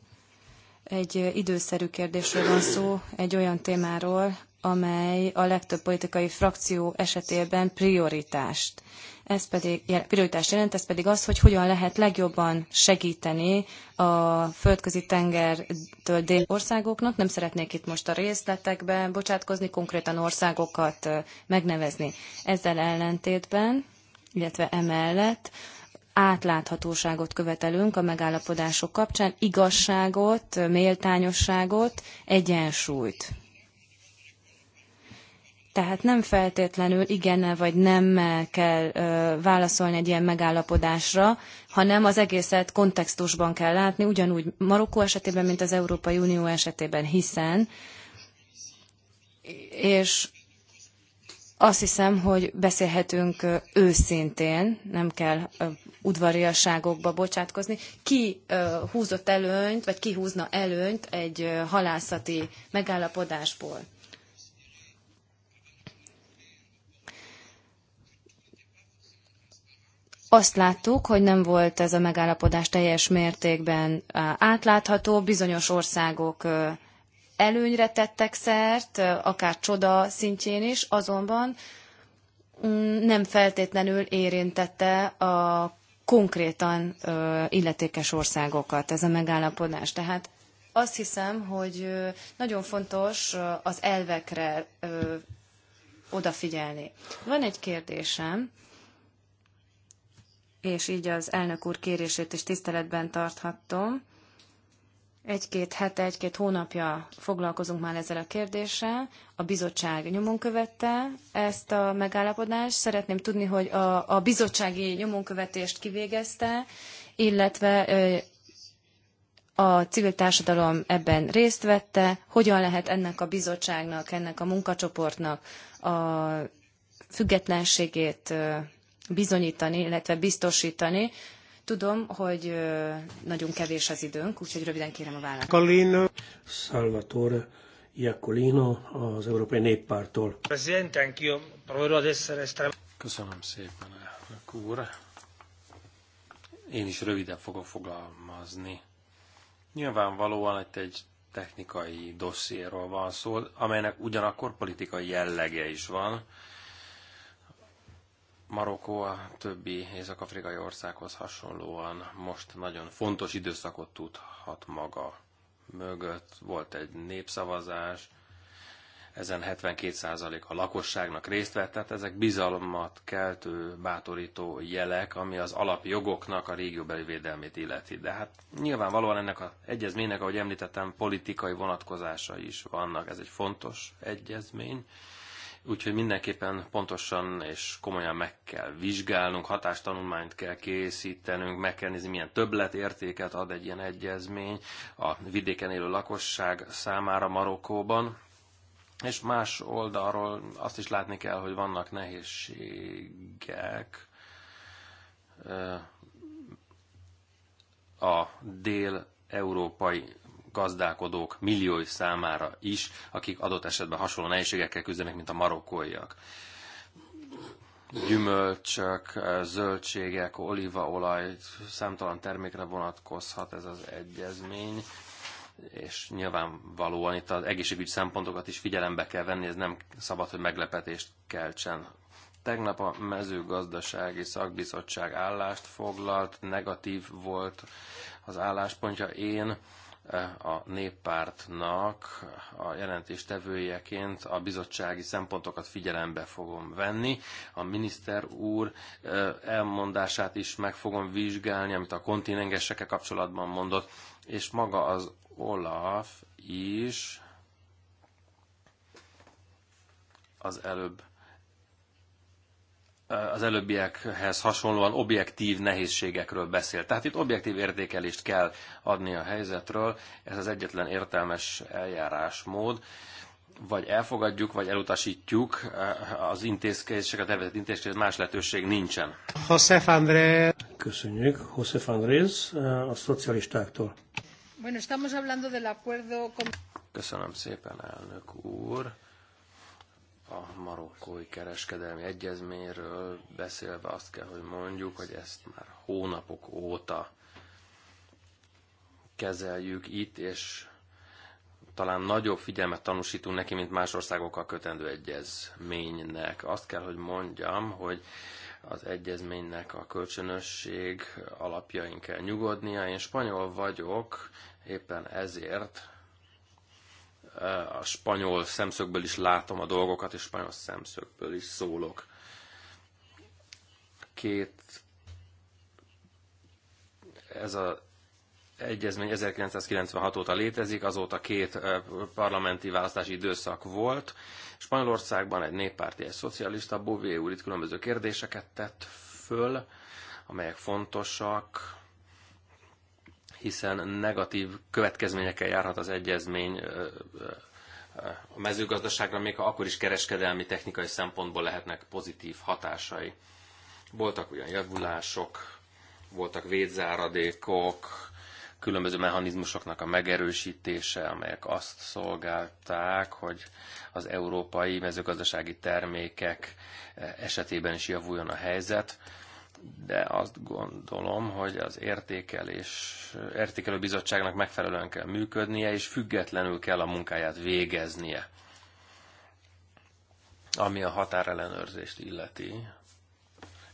egy időszerű kérdésről van szó, egy olyan témáról, amely a legtöbb politikai frakció esetében prioritást. Ez pedig prioritást jelent, ez pedig az, hogy hogyan lehet legjobban segíteni a földközi tengertől dél országoknak. Nem szeretnék itt most a részletekbe bocsátkozni, konkrétan országokat megnevezni. Ezzel ellentétben, illetve emellett átláthatóságot követelünk a megállapodások kapcsán, igazságot, méltányosságot, egyensúlyt. Tehát nem feltétlenül igennel vagy nemmel kell ö, válaszolni egy ilyen megállapodásra, hanem az egészet kontextusban kell látni, ugyanúgy Marokkó esetében, mint az Európai Unió esetében, hiszen, és azt hiszem, hogy beszélhetünk őszintén, nem kell udvariasságokba bocsátkozni. Ki húzott előnyt, vagy ki húzna előnyt egy halászati megállapodásból? Azt láttuk, hogy nem volt ez a megállapodás teljes mértékben átlátható, bizonyos országok előnyre tettek szert, akár csoda szintjén is, azonban mm, nem feltétlenül érintette a konkrétan illetékes országokat ez a megállapodás. Tehát azt hiszem, hogy nagyon fontos az elvekre odafigyelni. Van egy kérdésem, és így az elnök úr kérését is tiszteletben tarthatom. Egy-két hete, egy-két hónapja foglalkozunk már ezzel a kérdéssel. A bizottság nyomon követte ezt a megállapodást. Szeretném tudni, hogy a, a bizottsági nyomonkövetést kivégezte, illetve a civil társadalom ebben részt vette, hogyan lehet ennek a bizottságnak, ennek a munkacsoportnak a függetlenségét bizonyítani, illetve biztosítani, Tudom, hogy nagyon kevés az időnk, úgyhogy röviden kérem a választ. Kalina Salvatore Iacolino az Európai Néppártól. Presidente, Köszönöm szépen, elnök úr. Én is röviden fogok fogalmazni. Nyilvánvalóan itt egy technikai dossziéról van szó, amelynek ugyanakkor politikai jellege is van Marokkó a többi észak-afrikai országhoz hasonlóan most nagyon fontos időszakot tudhat maga mögött. Volt egy népszavazás, ezen 72% a lakosságnak részt vett, tehát ezek bizalmat keltő, bátorító jelek, ami az alapjogoknak a régióbeli védelmét illeti. De hát nyilvánvalóan ennek az egyezménynek, ahogy említettem, politikai vonatkozása is vannak. Ez egy fontos egyezmény, Úgyhogy mindenképpen pontosan és komolyan meg kell vizsgálnunk, hatástanulmányt kell készítenünk, meg kell nézni, milyen többletértéket ad egy ilyen egyezmény a vidéken élő lakosság számára Marokkóban. És más oldalról azt is látni kell, hogy vannak nehézségek a dél-európai gazdálkodók milliói számára is, akik adott esetben hasonló nehézségekkel küzdenek, mint a marokkóiak. Gyümölcsök, zöldségek, olívaolaj, számtalan termékre vonatkozhat ez az egyezmény és nyilvánvalóan itt az egészségügyi szempontokat is figyelembe kell venni, ez nem szabad, hogy meglepetést keltsen. Tegnap a mezőgazdasági szakbizottság állást foglalt, negatív volt az álláspontja. Én E, a néppártnak a jelentéstevőjeként a bizottsági szempontokat figyelembe fogom venni. A miniszter úr e, elmondását is meg fogom vizsgálni, amit a kontinengesekkel kapcsolatban mondott, és maga az Olaf is az előbb az előbbiekhez hasonlóan objektív nehézségekről beszél. Tehát itt objektív értékelést kell adni a helyzetről, ez az egyetlen értelmes eljárásmód vagy elfogadjuk, vagy elutasítjuk az intézkedéseket. a tervezett intézkedés, más lehetőség nincsen. José Andrés. Köszönjük. José Andrés a szocialistáktól. Bueno, estamos hablando del acuerdo... Köszönöm szépen, elnök úr a marokkói kereskedelmi egyezményről beszélve azt kell, hogy mondjuk, hogy ezt már hónapok óta kezeljük itt, és talán nagyobb figyelmet tanúsítunk neki, mint más országokkal kötendő egyezménynek. Azt kell, hogy mondjam, hogy az egyezménynek a kölcsönösség alapjain kell nyugodnia. Én spanyol vagyok, éppen ezért Eh, a spanyol szemszögből is látom a dolgokat, és spanyol szemszögből is szólok. Két ez a egyezmény 1996 óta létezik, azóta két eh, parlamenti választási időszak volt. Spanyolországban egy néppárti, egy szocialista, Bové úr itt különböző kérdéseket tett föl, amelyek fontosak, hiszen negatív következményekkel járhat az egyezmény a mezőgazdaságra, még ha akkor is kereskedelmi, technikai szempontból lehetnek pozitív hatásai. Voltak olyan javulások, voltak védzáradékok, különböző mechanizmusoknak a megerősítése, amelyek azt szolgálták, hogy az európai mezőgazdasági termékek esetében is javuljon a helyzet de azt gondolom, hogy az értékelés, értékelő bizottságnak megfelelően kell működnie, és függetlenül kell a munkáját végeznie. Ami a határellenőrzést illeti,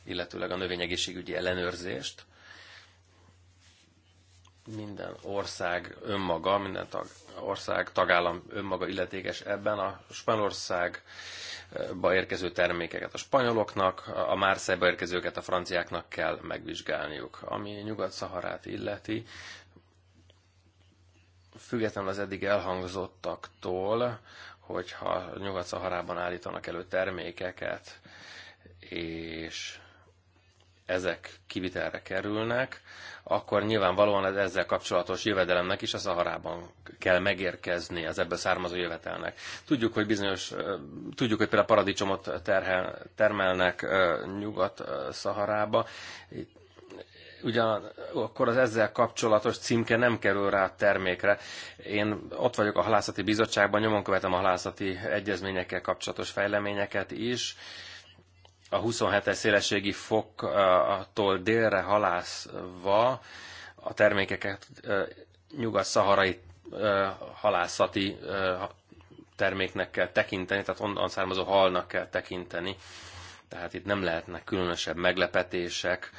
illetőleg a növényegészségügyi ellenőrzést, minden ország önmaga, minden tag, ország, tagállam önmaga illetékes ebben. A Spanyolország ba érkező termékeket a spanyoloknak, a Márszájba érkezőket a franciáknak kell megvizsgálniuk. Ami Nyugat-Szaharát illeti, függetlenül az eddig elhangzottaktól, hogyha Nyugat-Szaharában állítanak elő termékeket, és ezek kivitelre kerülnek, akkor nyilvánvalóan ez ezzel kapcsolatos jövedelemnek is a Szaharában kell megérkezni, az ebből származó jövetelnek. Tudjuk, hogy bizonyos, tudjuk, hogy például paradicsomot terhel, termelnek Nyugat-Szaharába, ugyanakkor az ezzel kapcsolatos címke nem kerül rá a termékre. Én ott vagyok a halászati bizottságban, nyomon követem a halászati egyezményekkel kapcsolatos fejleményeket is, a 27-es szélességi foktól délre halászva a termékeket nyugat-szaharai halászati terméknek kell tekinteni, tehát onnan származó halnak kell tekinteni. Tehát itt nem lehetnek különösebb meglepetések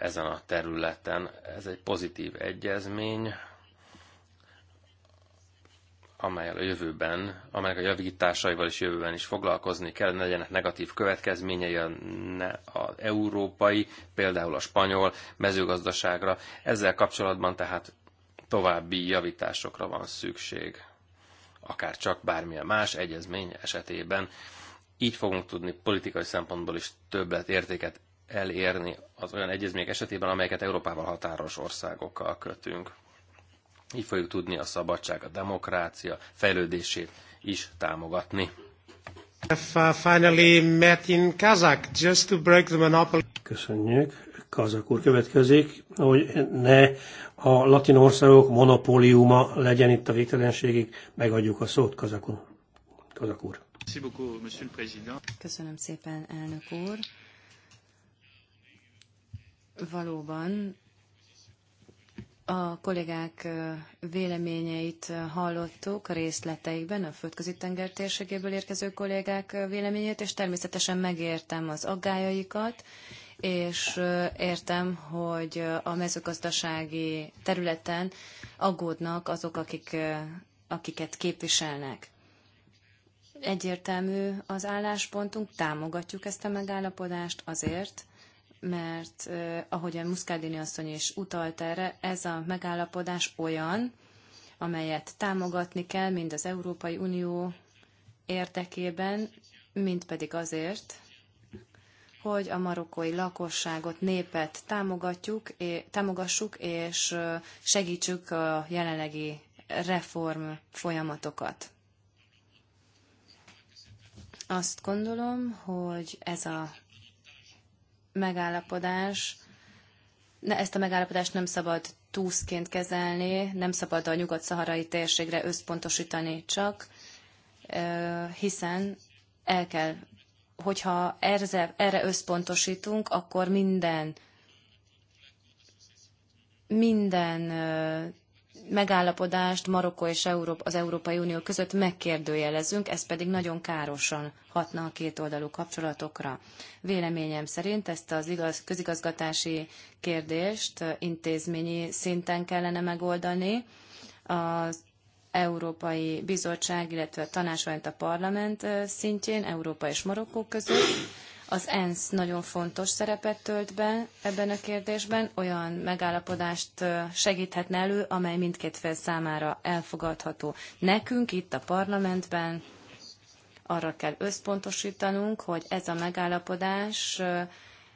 ezen a területen. Ez egy pozitív egyezmény, amelyel a jövőben, amelyek a javításaival is jövőben is foglalkozni kell, legyenek negatív következményei a, ne, a európai, például a spanyol mezőgazdaságra. Ezzel kapcsolatban tehát további javításokra van szükség, akár csak bármilyen más egyezmény esetében. Így fogunk tudni politikai szempontból is többet értéket elérni az olyan egyezmények esetében, amelyeket Európával határos országokkal kötünk így fogjuk tudni a szabadság, a demokrácia fejlődését is támogatni. Uh, finally met in just to break the monopoly. Köszönjük. Kazak úr következik, hogy ne a latin országok monopóliuma legyen itt a végtelenségig. Megadjuk a szót Kazak úr. Kazak úr. Köszönöm szépen, elnök úr. Valóban a kollégák véleményeit hallottuk részleteiben, a földközi tenger térségéből érkező kollégák véleményét, és természetesen megértem az aggájaikat, és értem, hogy a mezőgazdasági területen aggódnak azok, akik, akiket képviselnek. Egyértelmű az álláspontunk, támogatjuk ezt a megállapodást azért, mert ahogyan Muszkádini asszony is utalt erre, ez a megállapodás olyan, amelyet támogatni kell, mind az Európai Unió érdekében, mind pedig azért, hogy a marokkói lakosságot, népet támogatjuk, é, támogassuk és segítsük a jelenlegi reform folyamatokat. Azt gondolom, hogy ez a megállapodás, ne, ezt a megállapodást nem szabad túszként kezelni, nem szabad a nyugat-szaharai térségre összpontosítani csak, hiszen el kell, hogyha erre, erre összpontosítunk, akkor minden minden megállapodást Marokko és Európa, az Európai Unió között megkérdőjelezünk, ez pedig nagyon károsan hatna a kétoldalú kapcsolatokra. Véleményem szerint ezt az igaz, közigazgatási kérdést intézményi szinten kellene megoldani. Az Európai Bizottság, illetve a tanács, valamint a parlament szintjén, Európa és Marokkó között az ENSZ nagyon fontos szerepet tölt be ebben a kérdésben, olyan megállapodást segíthetne elő, amely mindkét fél számára elfogadható. Nekünk itt a parlamentben arra kell összpontosítanunk, hogy ez a megállapodás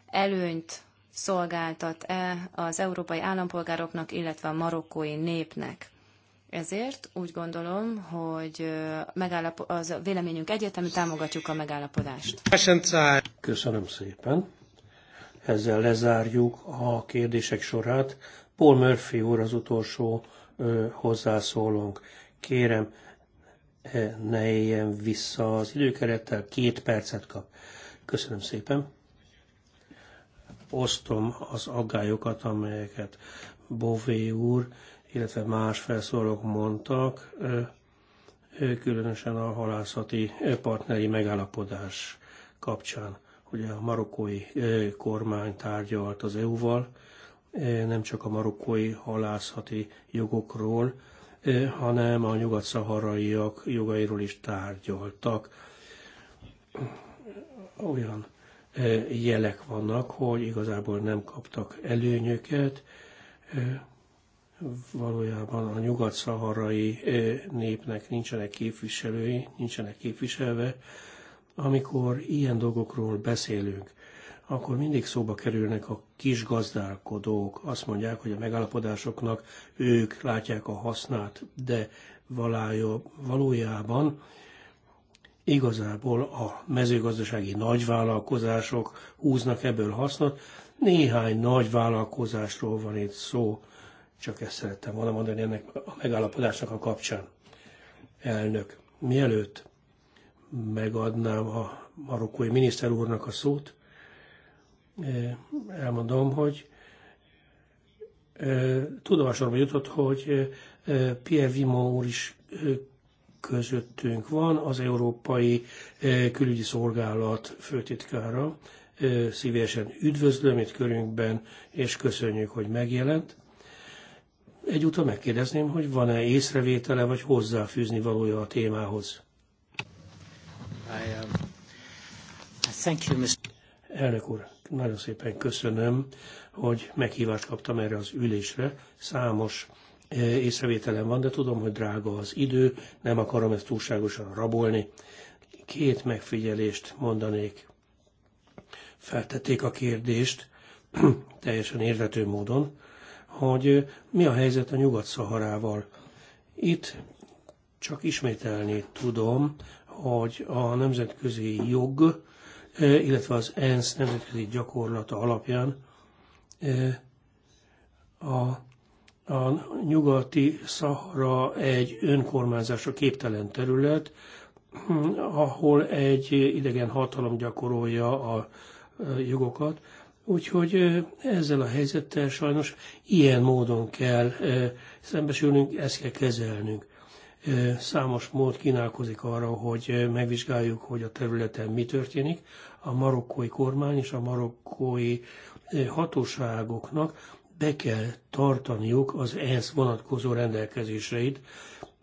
előnyt szolgáltat-e az európai állampolgároknak, illetve a marokkói népnek. Ezért úgy gondolom, hogy megállap- az véleményünk egyetemű, támogatjuk a megállapodást. Köszönöm szépen. Ezzel lezárjuk a kérdések sorát. Paul Murphy úr az utolsó ö, hozzászólónk. Kérem, eh, ne éljen vissza az időkerettel, két percet kap. Köszönöm szépen. Osztom az aggályokat, amelyeket Bové úr illetve más felszólalók mondtak, különösen a halászati partneri megállapodás kapcsán. hogy a marokkói kormány tárgyalt az EU-val, nem csak a marokkói halászati jogokról, hanem a nyugat-szaharaiak jogairól is tárgyaltak. Olyan jelek vannak, hogy igazából nem kaptak előnyöket, valójában a nyugat-szaharai eh, népnek nincsenek képviselői, nincsenek képviselve. Amikor ilyen dolgokról beszélünk, akkor mindig szóba kerülnek a kis gazdálkodók. Azt mondják, hogy a megállapodásoknak ők látják a hasznát, de valójában igazából a mezőgazdasági nagyvállalkozások húznak ebből hasznot. Néhány nagyvállalkozásról van itt szó, csak ezt szerettem volna mondani ennek a megállapodásnak a kapcsán. Elnök, mielőtt megadnám a marokkói miniszter úrnak a szót, eh, elmondom, hogy eh, tudomásomra jutott, hogy eh, Pierre Vimon úr is közöttünk van, az Európai Külügyi Szolgálat főtitkára. Szívesen üdvözlöm itt körünkben, és köszönjük, hogy megjelent. Egyúttal megkérdezném, hogy van-e észrevétele vagy hozzáfűzni valója a témához. I, um, thank you, Mr. Elnök úr, nagyon szépen köszönöm, hogy meghívást kaptam erre az ülésre. Számos eh, észrevételem van, de tudom, hogy drága az idő, nem akarom ezt túlságosan rabolni. Két megfigyelést mondanék. Feltették a kérdést teljesen érthető módon, hogy mi a helyzet a Nyugat-Szaharával. Itt csak ismételni tudom, hogy a nemzetközi jog, illetve az ENSZ nemzetközi gyakorlata alapján a, a nyugati Szahara egy önkormányzásra képtelen terület, hm, ahol egy idegen hatalom gyakorolja a jogokat. Úgyhogy ezzel a helyzettel sajnos ilyen módon kell szembesülnünk, ezt kell kezelnünk. Számos mód kínálkozik arra, hogy megvizsgáljuk, hogy a területen mi történik. A marokkói kormány és a marokkói hatóságoknak be kell tartaniuk az ehhez vonatkozó rendelkezéseit,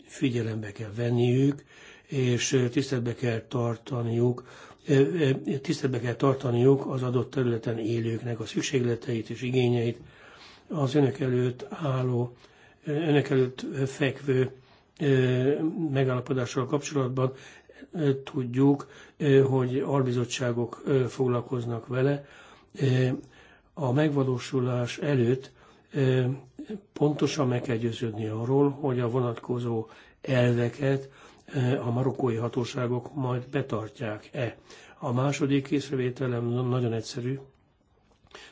figyelembe kell venniük, és tiszteletbe kell tartaniuk Tisztelbe kell tartaniuk az adott területen élőknek a szükségleteit és igényeit. Az önök előtt álló, önök előtt fekvő megállapodással kapcsolatban tudjuk, hogy albizottságok foglalkoznak vele. A megvalósulás előtt pontosan meg kell győződni arról, hogy a vonatkozó elveket E, a marokkói hatóságok majd betartják-e. A második észrevételem nagyon egyszerű,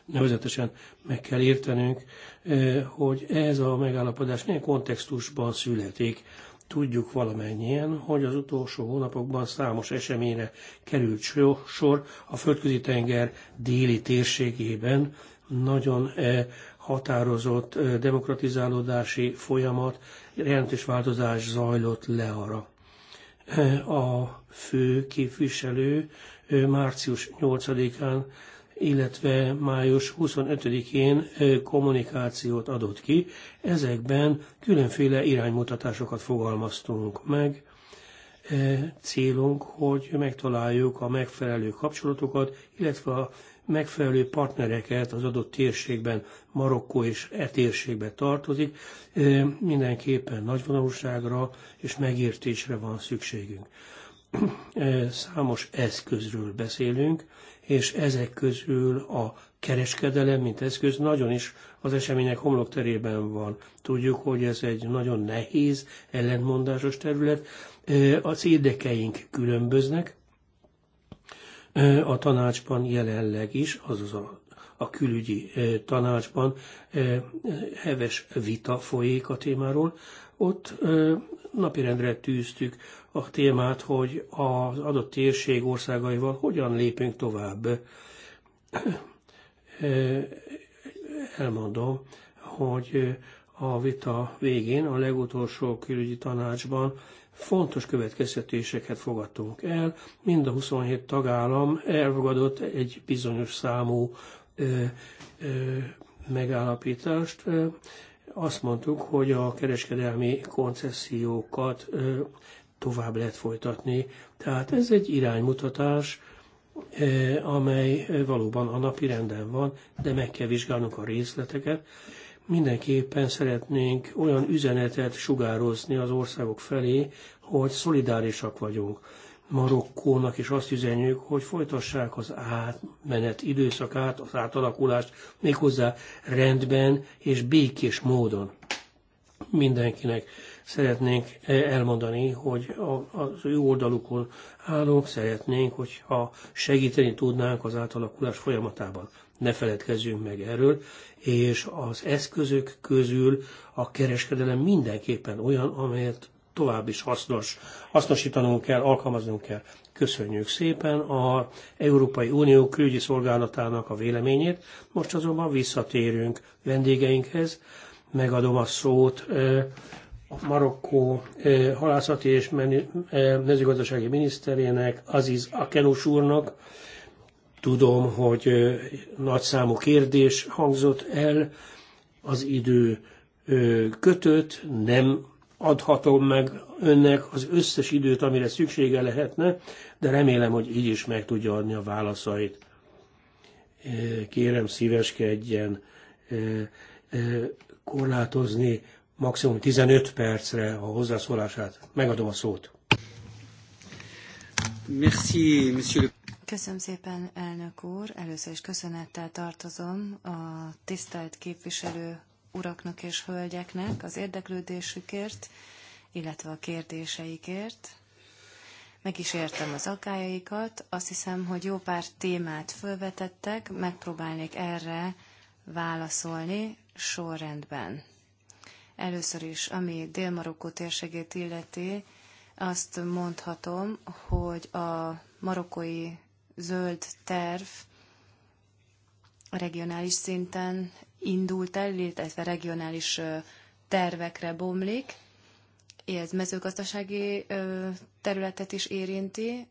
nevezetesen meg kell értenünk, e, hogy ez a megállapodás milyen kontextusban születik. Tudjuk valamennyien, hogy az utolsó hónapokban számos eseményre került sor a földközi tenger déli térségében, nagyon e, határozott demokratizálódási folyamat, jelentős változás zajlott le arra a fő képviselő március 8-án, illetve május 25-én kommunikációt adott ki. Ezekben különféle iránymutatásokat fogalmaztunk meg. Célunk, hogy megtaláljuk a megfelelő kapcsolatokat, illetve a megfelelő partnereket az adott térségben, Marokkó és e térségbe tartozik, mindenképpen nagyvonalúságra és megértésre van szükségünk. Számos eszközről beszélünk, és ezek közül a kereskedelem, mint eszköz nagyon is az események homlokterében van. Tudjuk, hogy ez egy nagyon nehéz, ellentmondásos terület. Az érdekeink különböznek, a tanácsban jelenleg is, azaz a, a külügyi tanácsban heves vita folyik a témáról. Ott napirendre tűztük a témát, hogy az adott térség országaival hogyan lépünk tovább. Elmondom, hogy a vita végén, a legutolsó külügyi tanácsban fontos következtetéseket fogadtunk el. Mind a 27 tagállam elfogadott egy bizonyos számú ö, ö, megállapítást. Azt mondtuk, hogy a kereskedelmi koncesziókat ö, tovább lehet folytatni. Tehát ez egy iránymutatás, amely valóban a napi renden van, de meg kell vizsgálnunk a részleteket. Mindenképpen szeretnénk olyan üzenetet sugározni az országok felé, hogy szolidárisak vagyunk. Marokkónak és azt üzenjük, hogy folytassák az átmenet időszakát, az átalakulást méghozzá rendben és békés módon. Mindenkinek szeretnénk elmondani, hogy az ő oldalukon állunk, szeretnénk, hogyha segíteni tudnánk az átalakulás folyamatában ne feledkezzünk meg erről, és az eszközök közül a kereskedelem mindenképpen olyan, amelyet tovább is hasznos, hasznosítanunk kell, alkalmaznunk kell. Köszönjük szépen a Európai Unió külügyi szolgálatának a véleményét. Most azonban visszatérünk vendégeinkhez. Megadom a szót eh, a Marokkó eh, halászati és eh, mezőgazdasági miniszterének, Aziz Akenus úrnak Tudom, hogy nagyszámú kérdés hangzott el, az idő kötött, nem adhatom meg önnek az összes időt, amire szüksége lehetne, de remélem, hogy így is meg tudja adni a válaszait. Kérem, szíveskedjen korlátozni maximum 15 percre a hozzászólását. Megadom a szót. Merci, monsieur. Köszönöm szépen, elnök úr. Először is köszönettel tartozom a tisztelt képviselő uraknak és hölgyeknek az érdeklődésükért, illetve a kérdéseikért. Meg is értem az akájaikat. Azt hiszem, hogy jó pár témát felvetettek, megpróbálnék erre válaszolni sorrendben. Először is, ami Dél-Marokkó térségét illeti, azt mondhatom, hogy a marokkói zöld terv regionális szinten indult el, illetve regionális tervekre bomlik. Ez mezőgazdasági területet is érinti,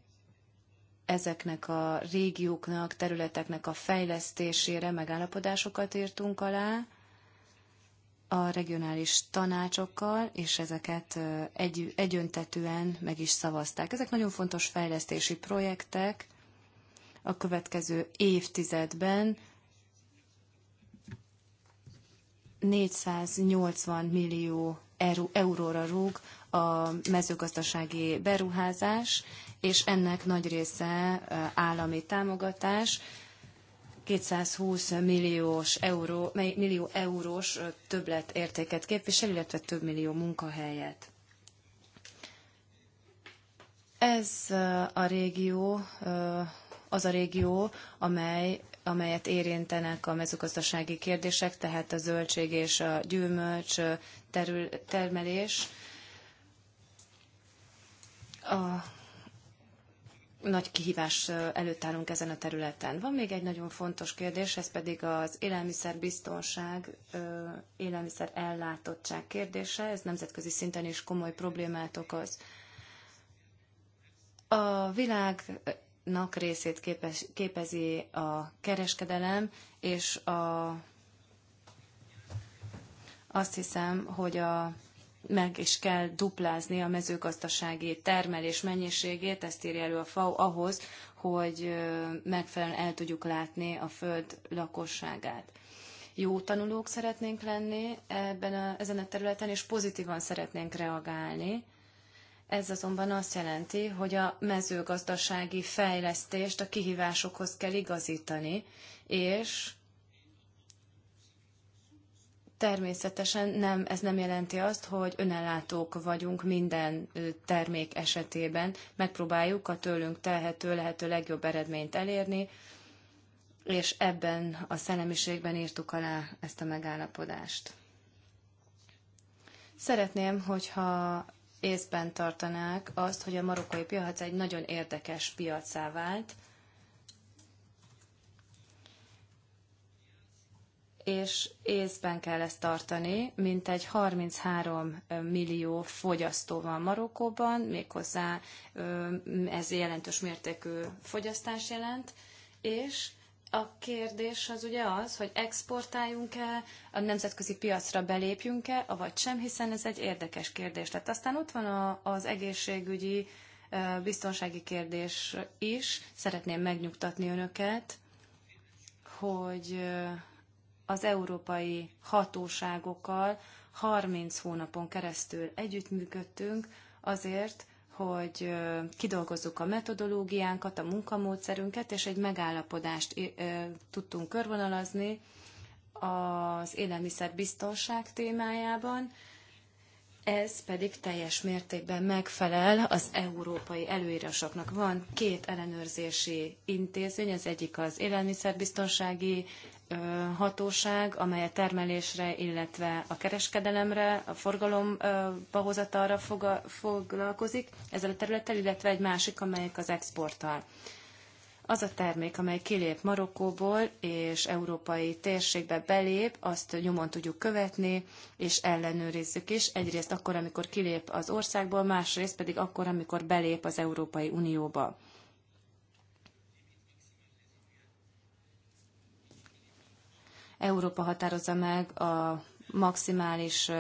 ezeknek a régióknak, területeknek a fejlesztésére megállapodásokat írtunk alá a regionális tanácsokkal, és ezeket egy, egyöntetően meg is szavazták. Ezek nagyon fontos fejlesztési projektek, a következő évtizedben 480 millió euróra rúg a mezőgazdasági beruházás, és ennek nagy része állami támogatás. 220 milliós euró, millió eurós értéket képvisel, illetve több millió munkahelyet. Ez a régió az a régió, amely, amelyet érintenek a mezőgazdasági kérdések, tehát a zöldség és a gyümölcs terül, termelés. A nagy kihívás előtt állunk ezen a területen. Van még egy nagyon fontos kérdés, ez pedig az élelmiszerbiztonság, élelmiszer ellátottság kérdése. Ez nemzetközi szinten is komoly problémát okoz. A világ nak részét képes, képezi a kereskedelem, és a, azt hiszem, hogy a, meg is kell duplázni a mezőgazdasági termelés mennyiségét, ezt írja elő a FAO, ahhoz, hogy megfelelően el tudjuk látni a föld lakosságát. Jó tanulók szeretnénk lenni ebben a, ezen a területen, és pozitívan szeretnénk reagálni ez azonban azt jelenti, hogy a mezőgazdasági fejlesztést a kihívásokhoz kell igazítani, és természetesen nem, ez nem jelenti azt, hogy önellátók vagyunk minden termék esetében. Megpróbáljuk a tőlünk telhető lehető legjobb eredményt elérni, és ebben a szellemiségben írtuk alá ezt a megállapodást. Szeretném, hogyha észben tartanák azt, hogy a marokkai piac egy nagyon érdekes piacá vált, és észben kell ezt tartani, mint egy 33 millió fogyasztó van Marokkóban, méghozzá ez jelentős mértékű fogyasztás jelent, és a kérdés az ugye az, hogy exportáljunk-e, a nemzetközi piacra belépjünk-e, avagy sem, hiszen ez egy érdekes kérdés. Tehát aztán ott van a, az egészségügyi biztonsági kérdés is. Szeretném megnyugtatni önöket, hogy az európai hatóságokkal 30 hónapon keresztül együttműködtünk azért, hogy kidolgozzuk a metodológiánkat, a munkamódszerünket, és egy megállapodást tudtunk körvonalazni az élelmiszerbiztonság témájában. Ez pedig teljes mértékben megfelel az európai előírásoknak. Van két ellenőrzési intézmény, az egyik az élelmiszerbiztonsági hatóság, amely a termelésre, illetve a kereskedelemre, a forgalomba hozatalra foglalkozik ezzel a területtel, illetve egy másik, amelyik az exporttal. Az a termék, amely kilép Marokkóból és európai térségbe belép, azt nyomon tudjuk követni, és ellenőrizzük is. Egyrészt akkor, amikor kilép az országból, másrészt pedig akkor, amikor belép az Európai Unióba. Európa határozza meg a maximális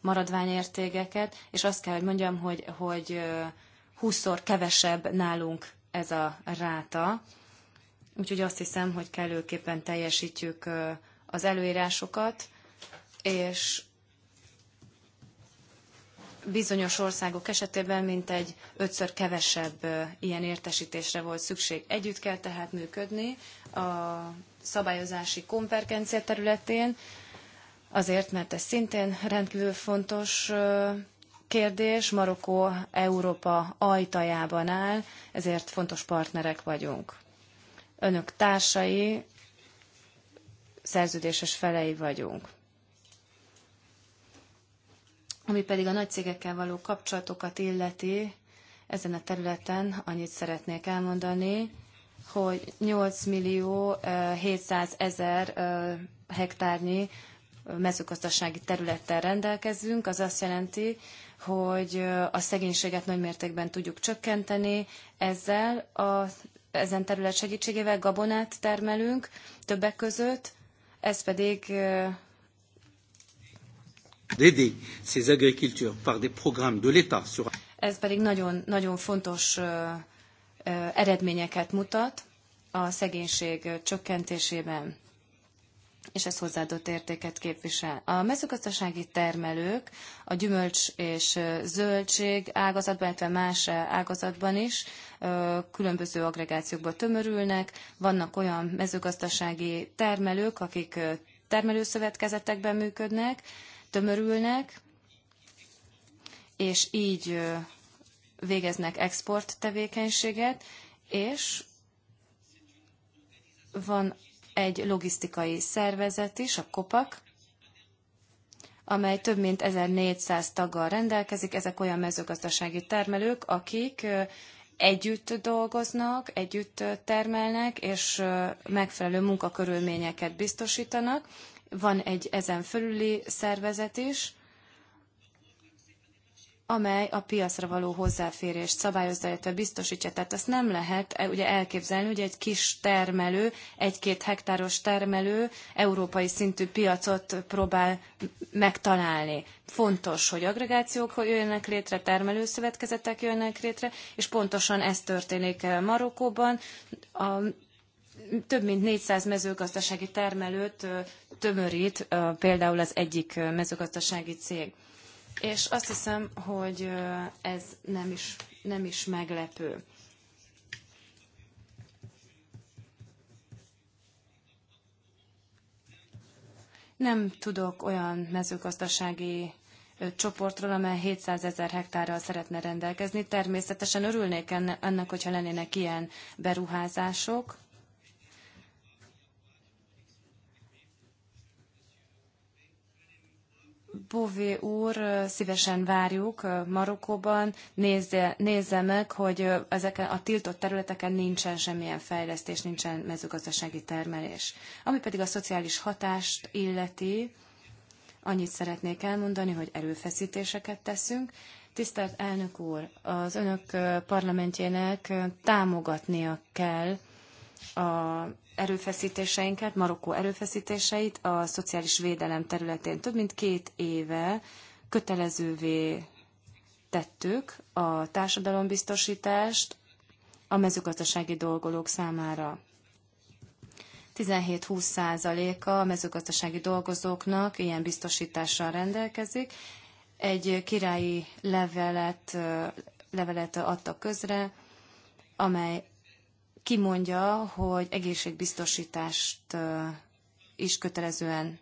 maradványértékeket, és azt kell, hogy mondjam, hogy, hogy 20-szor kevesebb nálunk ez a ráta. Úgyhogy azt hiszem, hogy kellőképpen teljesítjük az előírásokat, és bizonyos országok esetében mintegy ötször kevesebb ilyen értesítésre volt szükség. Együtt kell tehát működni a szabályozási konvergencia területén, azért, mert ez szintén rendkívül fontos kérdés. Marokkó Európa ajtajában áll, ezért fontos partnerek vagyunk. Önök társai, szerződéses felei vagyunk. Ami pedig a nagy cégekkel való kapcsolatokat illeti, ezen a területen annyit szeretnék elmondani, hogy 8 millió 700 ezer hektárnyi mezőgazdasági területtel rendelkezünk, az azt jelenti, hogy a szegénységet mértékben tudjuk csökkenteni, ezzel a, ezen terület segítségével gabonát termelünk többek között, ez pedig d'aider ces par des programmes de l'État sur... Ez pedig nagyon, nagyon fontos eredményeket mutat a szegénység csökkentésében, és ez hozzáadott értéket képvisel. A mezőgazdasági termelők a gyümölcs és zöldség ágazatban, illetve más ágazatban is különböző agregációkba tömörülnek. Vannak olyan mezőgazdasági termelők, akik termelőszövetkezetekben működnek, tömörülnek, és így végeznek export tevékenységet, és van egy logisztikai szervezet is, a COPAC, amely több mint 1400 taggal rendelkezik. Ezek olyan mezőgazdasági termelők, akik együtt dolgoznak, együtt termelnek, és megfelelő munkakörülményeket biztosítanak. Van egy ezen fölüli szervezet is, amely a piacra való hozzáférést szabályozza, illetve biztosítja. Tehát azt nem lehet e, ugye elképzelni, hogy egy kis termelő, egy-két hektáros termelő európai szintű piacot próbál megtalálni. Fontos, hogy agregációk jönnek létre, termelőszövetkezetek jönnek létre, és pontosan ez történik eh, Marokkóban. A több mint 400 mezőgazdasági termelőt eh, tömörít eh, például az egyik mezőgazdasági cég és azt hiszem, hogy ez nem is, nem is meglepő. Nem tudok olyan mezőgazdasági csoportról, amely 700 ezer hektárral szeretne rendelkezni. Természetesen örülnék ennek, hogyha lennének ilyen beruházások, Bové úr, szívesen várjuk Marokkóban, nézze, nézze meg, hogy ezeken a tiltott területeken nincsen semmilyen fejlesztés, nincsen mezőgazdasági termelés. Ami pedig a szociális hatást illeti, annyit szeretnék elmondani, hogy erőfeszítéseket teszünk. Tisztelt elnök úr, az önök parlamentjének támogatnia kell a erőfeszítéseinket, Marokkó erőfeszítéseit a szociális védelem területén. Több mint két éve kötelezővé tettük a társadalombiztosítást a mezőgazdasági dolgozók számára. 17-20 százaléka a mezőgazdasági dolgozóknak ilyen biztosítással rendelkezik. Egy királyi levelet, levelet adtak közre, amely kimondja, hogy egészségbiztosítást is kötelezően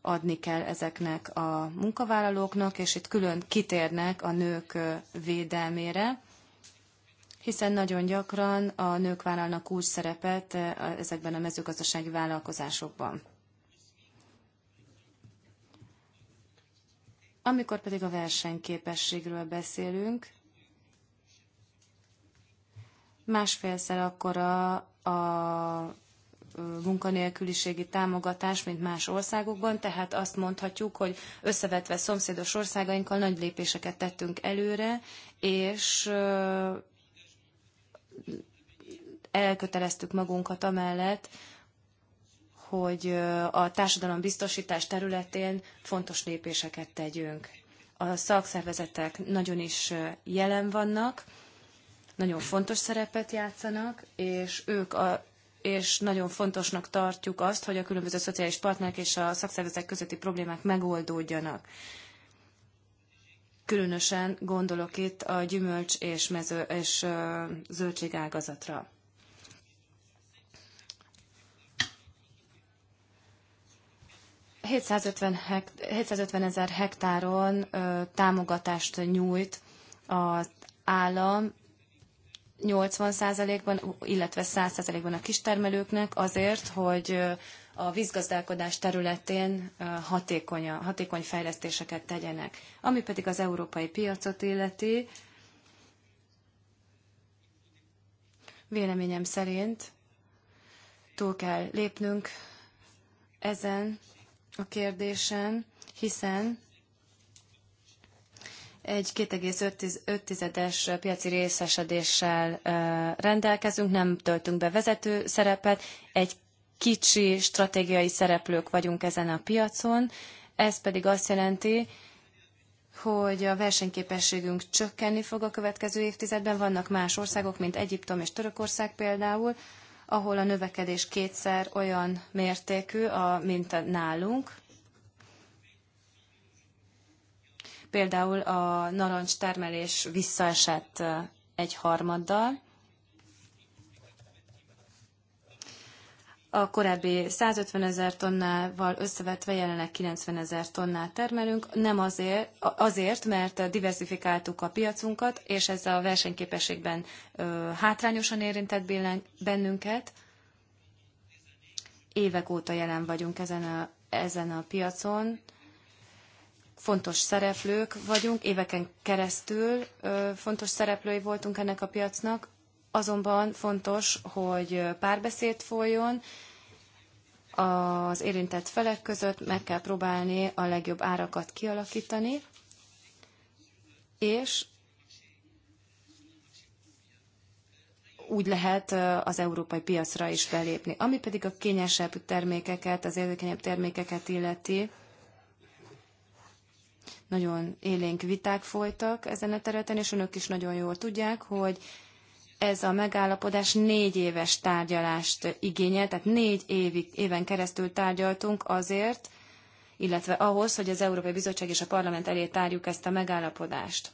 adni kell ezeknek a munkavállalóknak, és itt külön kitérnek a nők védelmére, hiszen nagyon gyakran a nők vállalnak úgy szerepet ezekben a mezőgazdasági vállalkozásokban. Amikor pedig a versenyképességről beszélünk, másfélszer akkor a a munkanélküliségi támogatás, mint más országokban, tehát azt mondhatjuk, hogy összevetve szomszédos országainkkal nagy lépéseket tettünk előre, és elköteleztük magunkat amellett, hogy a biztosítás területén fontos lépéseket tegyünk. A szakszervezetek nagyon is jelen vannak, nagyon fontos szerepet játszanak, és ők a és nagyon fontosnak tartjuk azt, hogy a különböző szociális partnerek és a szakszervezetek közötti problémák megoldódjanak. Különösen gondolok itt a gyümölcs és, mező, és zöldségágazatra. hekt, 750 ezer hektáron ö, támogatást nyújt az állam 80%-ban, illetve 100%-ban a kistermelőknek azért, hogy a vízgazdálkodás területén hatékony, hatékony fejlesztéseket tegyenek. Ami pedig az európai piacot illeti, véleményem szerint túl kell lépnünk ezen a kérdésen, hiszen egy 2,5-es piaci részesedéssel rendelkezünk, nem töltünk be vezető szerepet, egy kicsi stratégiai szereplők vagyunk ezen a piacon, ez pedig azt jelenti, hogy a versenyképességünk csökkenni fog a következő évtizedben. Vannak más országok, mint Egyiptom és Törökország például, ahol a növekedés kétszer olyan mértékű, a, mint a nálunk, Például a narancs termelés visszaesett egy harmaddal. A korábbi 150 ezer tonnával összevetve jelenleg 90 ezer tonnát termelünk. Nem azért, azért, mert diversifikáltuk a piacunkat, és ez a versenyképességben hátrányosan érintett bennünket. Évek óta jelen vagyunk ezen a, ezen a piacon fontos szereplők vagyunk, éveken keresztül fontos szereplői voltunk ennek a piacnak, azonban fontos, hogy párbeszéd folyjon az érintett felek között, meg kell próbálni a legjobb árakat kialakítani, és úgy lehet az európai piacra is belépni. Ami pedig a kényesebb termékeket, az érzékenyebb termékeket illeti, nagyon élénk viták folytak ezen a területen, és önök is nagyon jól tudják, hogy ez a megállapodás négy éves tárgyalást igényel, tehát négy évi, éven keresztül tárgyaltunk azért, illetve ahhoz, hogy az Európai Bizottság és a Parlament elé tárjuk ezt a megállapodást.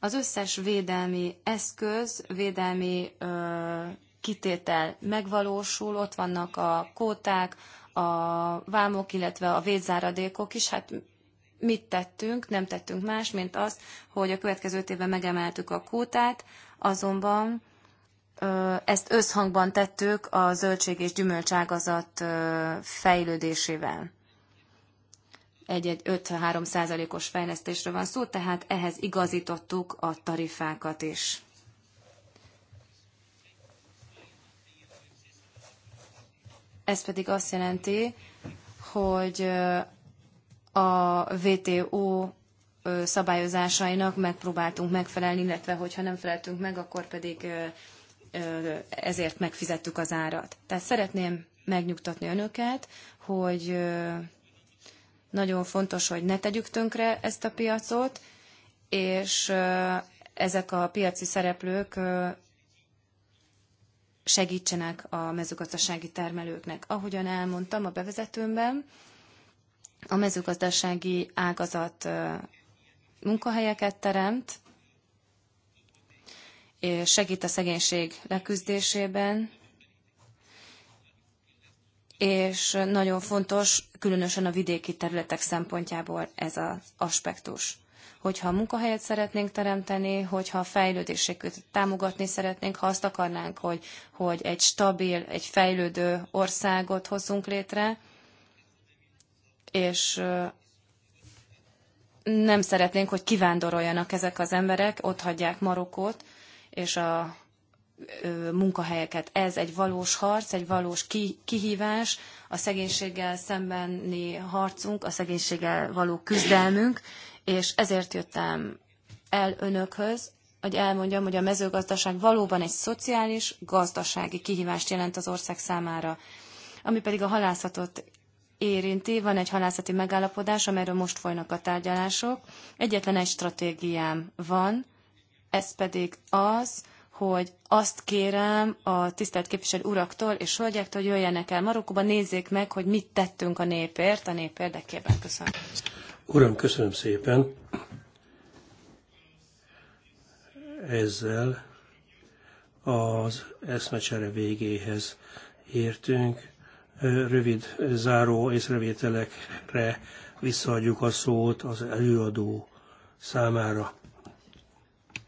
Az összes védelmi eszköz, védelmi ö, kitétel megvalósul, ott vannak a kóták, a vámok, illetve a védzáradékok is, hát mit tettünk, nem tettünk más, mint azt, hogy a következő öt évben megemeltük a kótát, azonban ezt összhangban tettük a zöldség és gyümölcságazat fejlődésével. Egy-egy 5-3 százalékos fejlesztésről van szó, tehát ehhez igazítottuk a tarifákat is. Ez pedig azt jelenti, hogy a WTO szabályozásainak megpróbáltunk megfelelni, illetve hogyha nem feleltünk meg, akkor pedig ezért megfizettük az árat. Tehát szeretném megnyugtatni önöket, hogy nagyon fontos, hogy ne tegyük tönkre ezt a piacot, és ezek a piaci szereplők segítsenek a mezőgazdasági termelőknek. Ahogyan elmondtam a bevezetőmben, a mezőgazdasági ágazat munkahelyeket teremt, és segít a szegénység leküzdésében, és nagyon fontos, különösen a vidéki területek szempontjából ez az aspektus. Hogyha a munkahelyet szeretnénk teremteni, hogyha a fejlődéseket támogatni szeretnénk, ha azt akarnánk, hogy, hogy egy stabil, egy fejlődő országot hozzunk létre, és nem szeretnénk, hogy kivándoroljanak ezek az emberek, ott hagyják Marokkót, és a munkahelyeket. Ez egy valós harc, egy valós kihívás, a szegénységgel szembeni harcunk, a szegénységgel való küzdelmünk, és ezért jöttem el önökhöz, hogy elmondjam, hogy a mezőgazdaság valóban egy szociális, gazdasági kihívást jelent az ország számára. Ami pedig a halászatot érinti, van egy halászati megállapodás, amelyről most folynak a tárgyalások. Egyetlen egy stratégiám van, ez pedig az, hogy azt kérem a tisztelt képviselő uraktól és hölgyektől, hogy jöjjenek el Marokkóba, nézzék meg, hogy mit tettünk a népért, a nép érdekében. Köszönöm. Uram, köszönöm szépen. Ezzel az eszmecsere végéhez értünk rövid záró észrevételekre visszaadjuk a szót az előadó számára.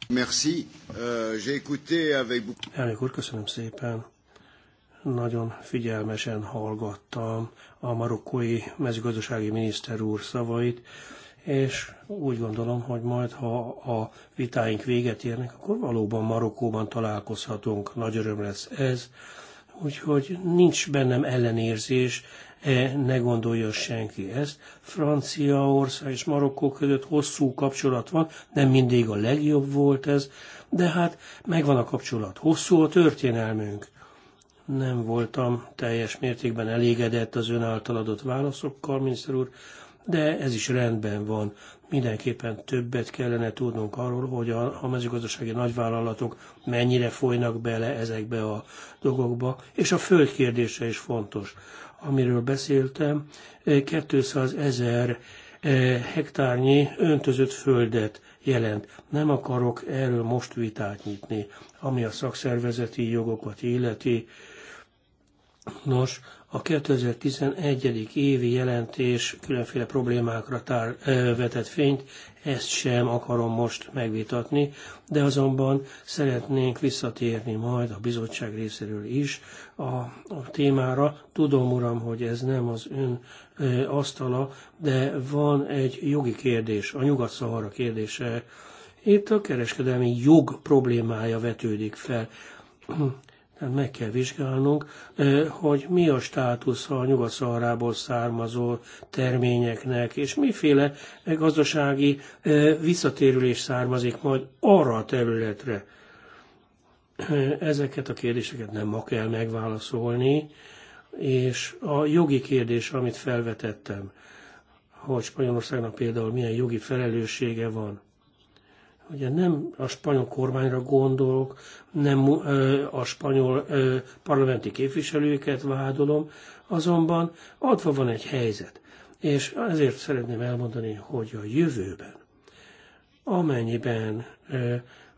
Merci. J'ai écouté avec Elnök úr, köszönöm szépen. Nagyon figyelmesen hallgattam a marokkói mezőgazdasági miniszter úr szavait, és úgy gondolom, hogy majd, ha a vitáink véget érnek, akkor valóban Marokkóban találkozhatunk. Nagy öröm lesz ez úgyhogy nincs bennem ellenérzés, e, ne gondolja senki ezt. Franciaország és Marokkó között hosszú kapcsolat van, nem mindig a legjobb volt ez, de hát megvan a kapcsolat. Hosszú a történelmünk. Nem voltam teljes mértékben elégedett az ön által adott válaszokkal, miniszter úr de ez is rendben van. Mindenképpen többet kellene tudnunk arról, hogy a, a mezőgazdasági nagyvállalatok mennyire folynak bele ezekbe a dolgokba, és a föld kérdése is fontos. Amiről beszéltem, 200 eh, ezer eh, hektárnyi öntözött földet jelent. Nem akarok erről most vitát nyitni, ami a szakszervezeti jogokat illeti. Nos, a 2011. évi jelentés különféle problémákra tár, vetett fényt, ezt sem akarom most megvitatni, de azonban szeretnénk visszatérni majd a bizottság részéről is a, a témára. Tudom, uram, hogy ez nem az ön ö, asztala, de van egy jogi kérdés, a nyugat-szahara kérdése. Itt a kereskedelmi jog problémája vetődik fel tehát meg kell vizsgálnunk, hogy mi a státusz a nyugat származó terményeknek, és miféle gazdasági visszatérülés származik majd arra a területre. Ezeket a kérdéseket nem ma kell megválaszolni, és a jogi kérdés, amit felvetettem, hogy Spanyolországnak például milyen jogi felelőssége van, Ugye nem a spanyol kormányra gondolok, nem a spanyol parlamenti képviselőket vádolom, azonban adva van egy helyzet. És ezért szeretném elmondani, hogy a jövőben, amennyiben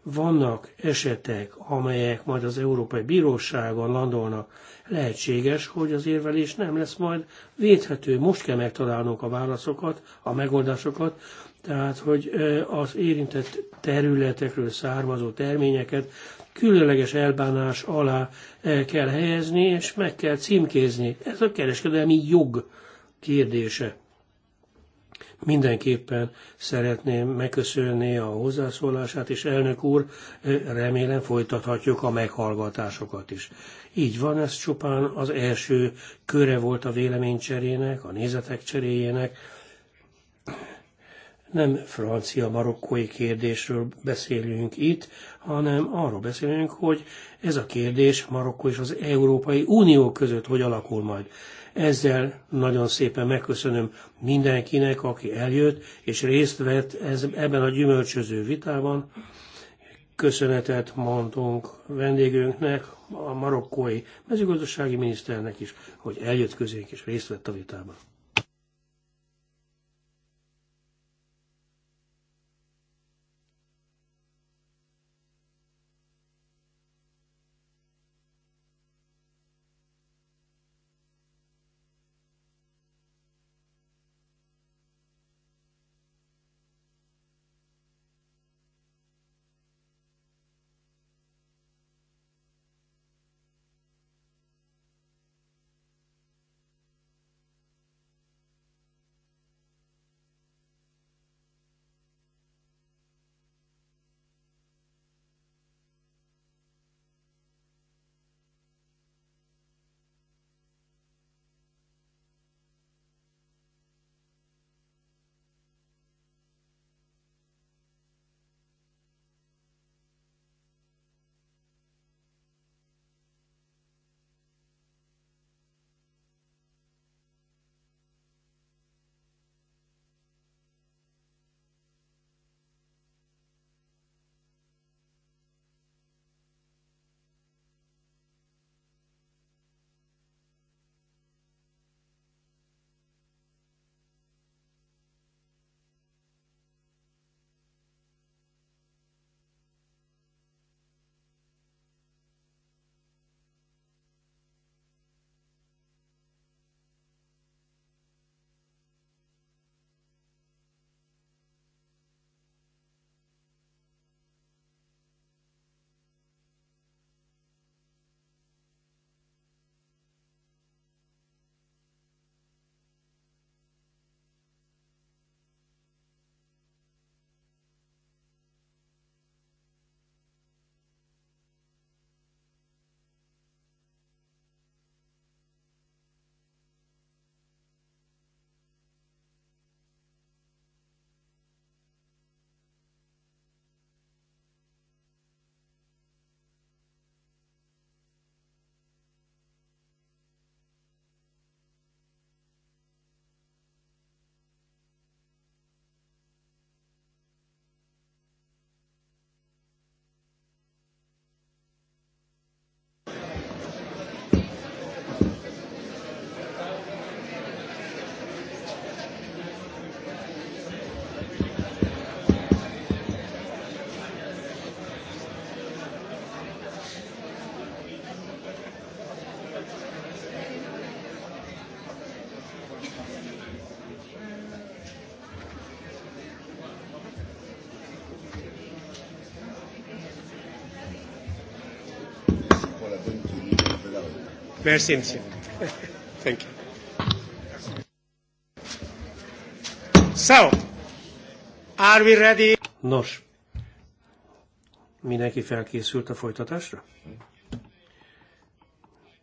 vannak esetek, amelyek majd az Európai Bíróságon landolnak, lehetséges, hogy az érvelés nem lesz majd védhető. Most kell megtalálnunk a válaszokat, a megoldásokat, tehát hogy az érintett területekről származó terményeket különleges elbánás alá kell helyezni, és meg kell címkézni. Ez a kereskedelmi jog kérdése. Mindenképpen szeretném megköszönni a hozzászólását, és elnök úr, remélem folytathatjuk a meghallgatásokat is. Így van, ez csupán az első köre volt a véleménycserének, a nézetek cseréjének, nem francia-marokkói kérdésről beszélünk itt, hanem arról beszélünk, hogy ez a kérdés Marokkó és az Európai Unió között hogy alakul majd. Ezzel nagyon szépen megköszönöm mindenkinek, aki eljött és részt vett ez, ebben a gyümölcsöző vitában. Köszönetet mondunk vendégünknek, a marokkói mezőgazdasági miniszternek is, hogy eljött közénk és részt vett a vitában. Merci, monsieur. Thank you. So, are we ready? Nos, mindenki felkészült a folytatásra?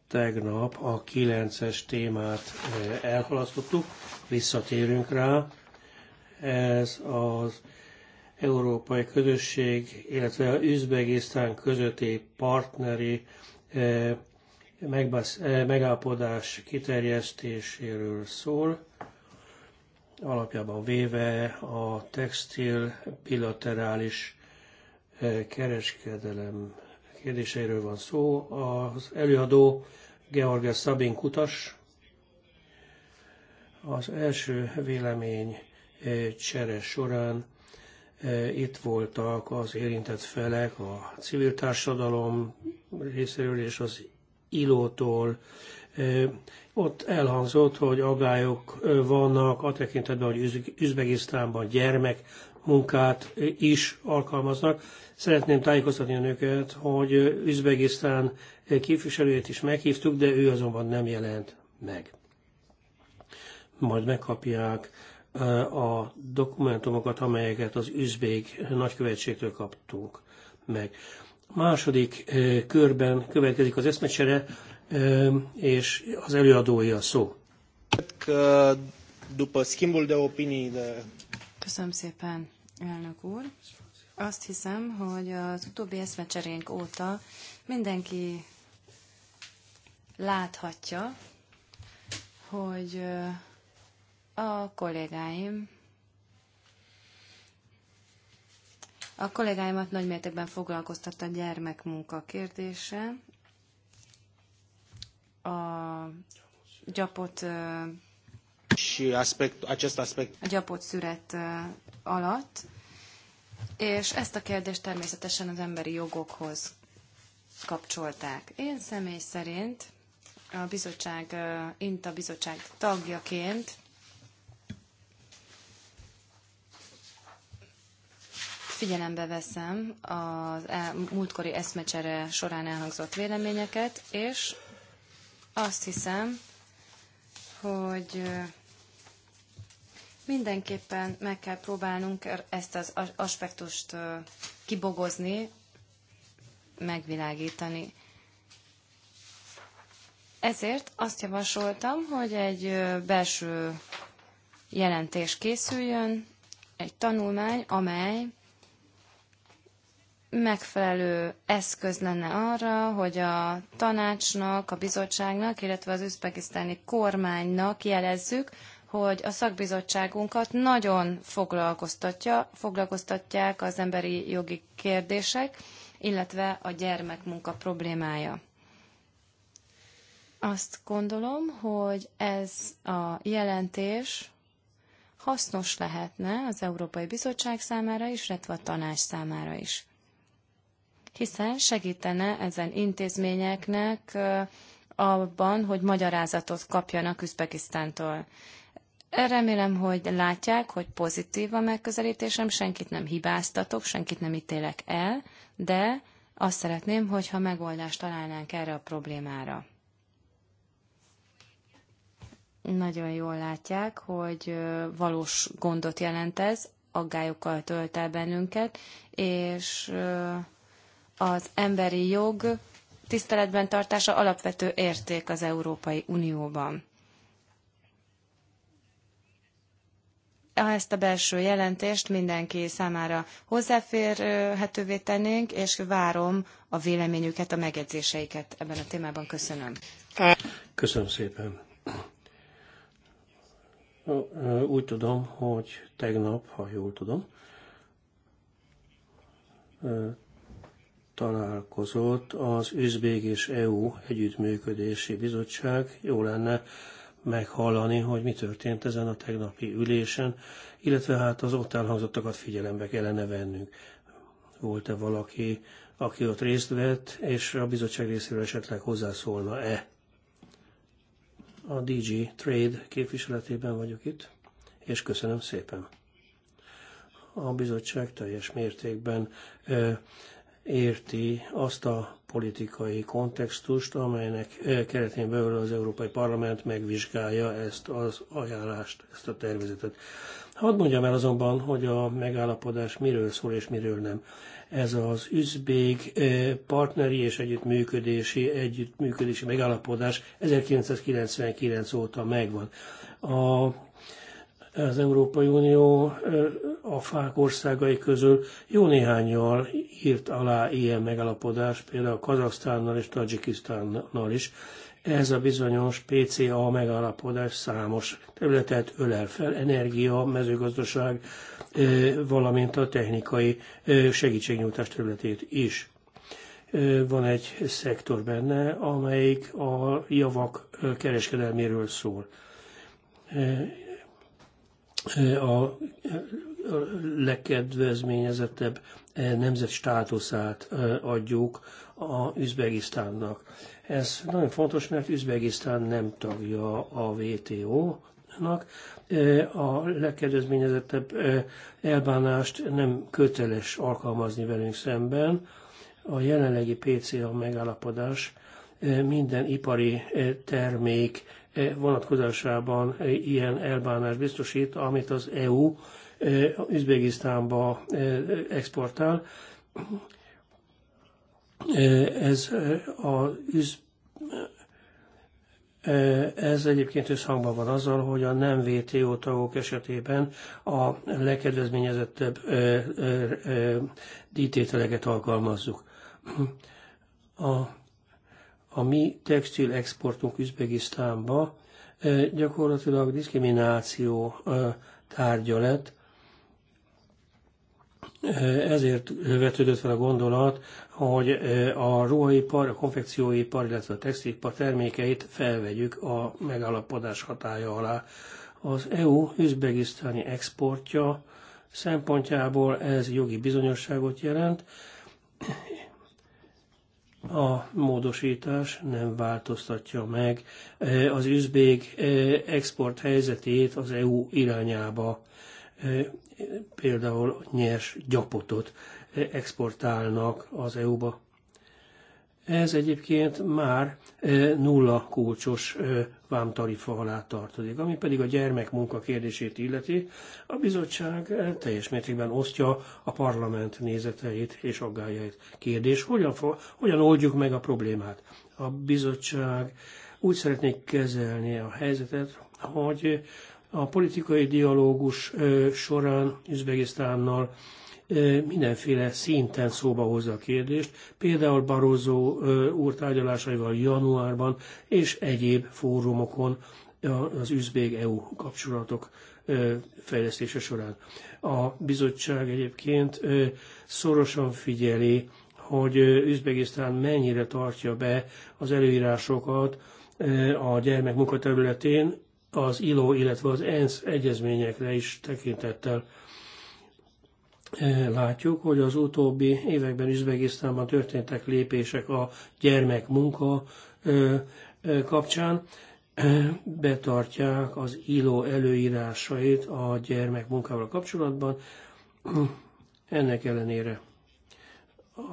Tegnap a kilences témát eh, elhalasztottuk, visszatérünk rá. Ez az Európai Közösség, illetve Üzbegisztán közötti partneri eh, megbasz, eh, megállapodás kiterjesztéséről szól, alapjában véve a textil bilaterális eh, kereskedelem kérdéseiről van szó. Az előadó George Szabin Kutas, az első vélemény eh, csere során itt voltak az érintett felek, a civil társadalom részéről és az Ilótól. Ott elhangzott, hogy agályok vannak a tekintetben, hogy Üzbegisztánban gyermek munkát is alkalmaznak. Szeretném tájékoztatni önöket, hogy Üzbegisztán képviselőjét is meghívtuk, de ő azonban nem jelent meg. Majd megkapják a dokumentumokat, amelyeket az üzbék nagykövetségtől kaptunk meg második körben következik az eszmecsere, és az előadója a szó. Köszönöm szépen, elnök úr. Azt hiszem, hogy az utóbbi eszmecserénk óta mindenki láthatja, hogy a kollégáim A kollégáimat nagymértékben foglalkoztatta a gyermekmunka kérdése. A gyapot A gyapot szüret alatt, és ezt a kérdést természetesen az emberi jogokhoz kapcsolták. Én személy szerint a bizottság, INTA bizottság tagjaként figyelembe veszem a e- múltkori eszmecsere során elhangzott véleményeket, és azt hiszem, hogy mindenképpen meg kell próbálnunk ezt az aspektust kibogozni, megvilágítani. Ezért azt javasoltam, hogy egy belső jelentés készüljön, egy tanulmány, amely megfelelő eszköz lenne arra, hogy a tanácsnak, a bizottságnak, illetve az üzbegisztáni kormánynak jelezzük, hogy a szakbizottságunkat nagyon foglalkoztatja, foglalkoztatják az emberi jogi kérdések, illetve a gyermekmunka problémája. Azt gondolom, hogy ez a jelentés hasznos lehetne az Európai Bizottság számára is, illetve a tanács számára is hiszen segítene ezen intézményeknek abban, hogy magyarázatot kapjanak Üzbegisztántól. Remélem, hogy látják, hogy pozitív a megközelítésem, senkit nem hibáztatok, senkit nem ítélek el, de azt szeretném, hogyha megoldást találnánk erre a problémára. Nagyon jól látják, hogy valós gondot jelent ez, aggályokkal tölt el bennünket, és az emberi jog tiszteletben tartása alapvető érték az Európai Unióban. Ezt a belső jelentést mindenki számára hozzáférhetővé tennénk, és várom a véleményüket, a megjegyzéseiket ebben a témában. Köszönöm. Köszönöm szépen. Úgy tudom, hogy tegnap, ha jól tudom, találkozott az Üzbék és EU Együttműködési Bizottság. Jó lenne meghallani, hogy mi történt ezen a tegnapi ülésen, illetve hát az ott elhangzottakat figyelembe kellene vennünk. Volt-e valaki, aki ott részt vett, és a bizottság részéről esetleg hozzászólna-e? A DG Trade képviseletében vagyok itt, és köszönöm szépen. A bizottság teljes mértékben ö, érti azt a politikai kontextust, amelynek keretén belül az Európai Parlament megvizsgálja ezt az ajánlást, ezt a tervezetet. Hadd mondjam el azonban, hogy a megállapodás miről szól és miről nem. Ez az üzbék partneri és együttműködési, együttműködési megállapodás 1999 óta megvan. A, az Európai Unió a fák országai közül jó néhányal írt alá ilyen megalapodás, például Kazasztánnal és Tajikisztánnal is. Ez a bizonyos PCA megalapodás számos területet ölel fel, energia, mezőgazdaság, valamint a technikai segítségnyújtás területét is van egy szektor benne, amelyik a javak kereskedelméről szól. A legkedvezményezettebb eh, nemzet státuszát eh, adjuk a Üzbegisztánnak. Ez nagyon fontos, mert Üzbegisztán nem tagja a WTO-nak, eh, a legkedvezményezettebb elbánást nem köteles alkalmazni velünk szemben. A jelenlegi PCA megállapodás minden ipari termék vonatkozásában ilyen elbánást biztosít, amit az EU Üzbegisztánba exportál. Ez a üz... Ez egyébként összhangban van azzal, hogy a nem VTO tagok esetében a legkedvezményezettebb díjtételeket alkalmazzuk. A, a mi textil exportunk Üzbegisztánba gyakorlatilag diszkrimináció tárgya lett, ezért vetődött fel a gondolat, hogy e, a ruhaipar, a konfekcióipar, illetve a textilipar termékeit felvegyük a megállapodás hatája alá. Az EU üzbegisztáni exportja szempontjából ez jogi bizonyosságot jelent. A módosítás nem változtatja meg e, az üzbék e, export helyzetét az EU irányába például nyers gyapotot exportálnak az EU-ba. Ez egyébként már nulla kulcsos vámtarifa alá tartozik. Ami pedig a gyermekmunka kérdését illeti, a bizottság teljes mértékben osztja a parlament nézeteit és aggájait. Kérdés, hogyan, hogyan oldjuk meg a problémát? A bizottság úgy szeretnék kezelni a helyzetet, hogy a politikai dialógus során Üzbegisztánnal mindenféle szinten szóba hozza a kérdést, például Barozó úr tárgyalásaival januárban és egyéb fórumokon az üzbég-EU kapcsolatok fejlesztése során. A bizottság egyébként szorosan figyeli, hogy Üzbegisztán mennyire tartja be az előírásokat a gyermek munkaterületén, az ILO, illetve az ENSZ egyezményekre is tekintettel e, látjuk, hogy az utóbbi években Üzbegisztánban történtek lépések a gyermekmunka e, e, kapcsán. Betartják az ILO előírásait a gyermekmunkával kapcsolatban. Ennek ellenére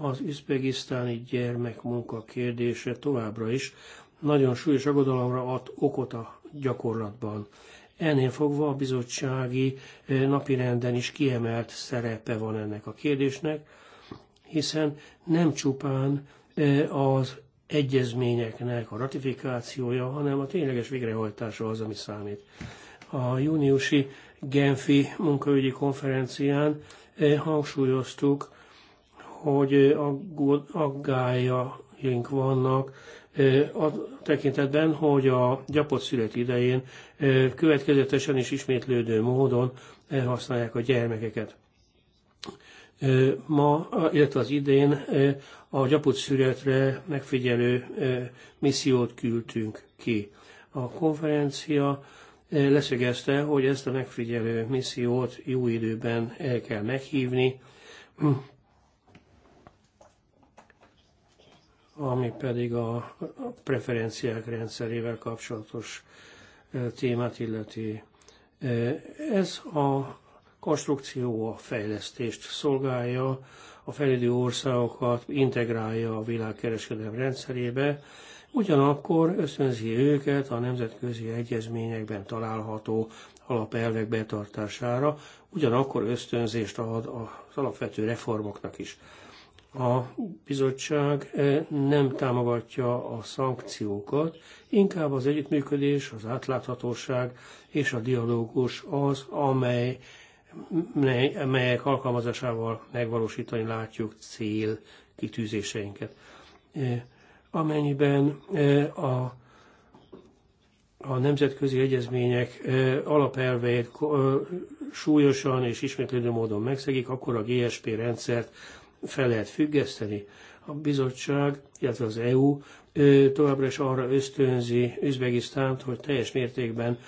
az üzbegisztáni gyermekmunka kérdése továbbra is nagyon súlyos aggodalomra ad okot a gyakorlatban. Ennél fogva a bizottsági eh, napirenden is kiemelt szerepe van ennek a kérdésnek, hiszen nem csupán eh, az egyezményeknek a ratifikációja, hanem a tényleges végrehajtása az, ami számít. A júniusi Genfi munkaügyi konferencián eh, hangsúlyoztuk, hogy aggájaink vannak a tekintetben, hogy a gyapott szület idején következetesen és ismétlődő módon használják a gyermekeket. Ma, illetve az idén a gyapott születre megfigyelő missziót küldtünk ki. A konferencia leszögezte, hogy ezt a megfigyelő missziót jó időben el kell meghívni, ami pedig a preferenciák rendszerével kapcsolatos témát illeti. Ez a konstrukció a fejlesztést szolgálja, a fejlődő országokat integrálja a világkereskedelem rendszerébe, ugyanakkor ösztönzi őket a nemzetközi egyezményekben található alapelvek betartására, ugyanakkor ösztönzést ad az alapvető reformoknak is a bizottság eh, nem támogatja a szankciókat, inkább az együttműködés, az átláthatóság és a dialógus az, amely, melyek alkalmazásával megvalósítani látjuk cél kitűzéseinket. Eh, amennyiben eh, a a nemzetközi egyezmények alapelveit súlyosan és ismétlődő módon megszegik, akkor a GSP rendszert fel lehet függeszteni. A bizottság, illetve az EU továbbra is arra ösztönzi Üzbegisztánt, hogy teljes mértékben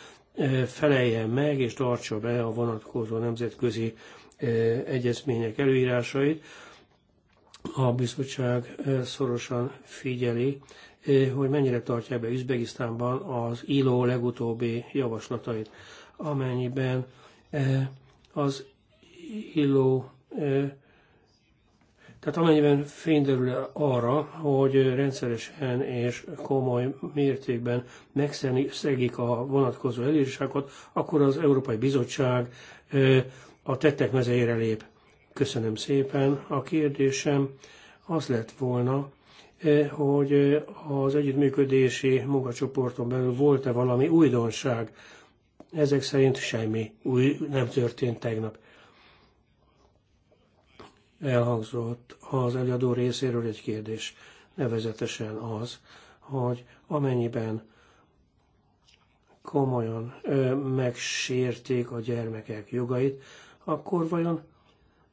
feleljen meg és tartsa be a vonatkozó nemzetközi egyezmények előírásait. A bizottság szorosan figyeli, hogy mennyire tartják be Üzbegisztánban az ILO legutóbbi javaslatait, amennyiben az ILO tehát amennyiben fényderül arra, hogy rendszeresen és komoly mértékben megszegik a vonatkozó elírásokat, akkor az Európai Bizottság a tettek mezeire lép. Köszönöm szépen. A kérdésem az lett volna, hogy az együttműködési munkacsoporton belül volt-e valami újdonság. Ezek szerint semmi új nem történt tegnap elhangzott az előadó részéről egy kérdés, nevezetesen az, hogy amennyiben komolyan ö, megsérték a gyermekek jogait, akkor vajon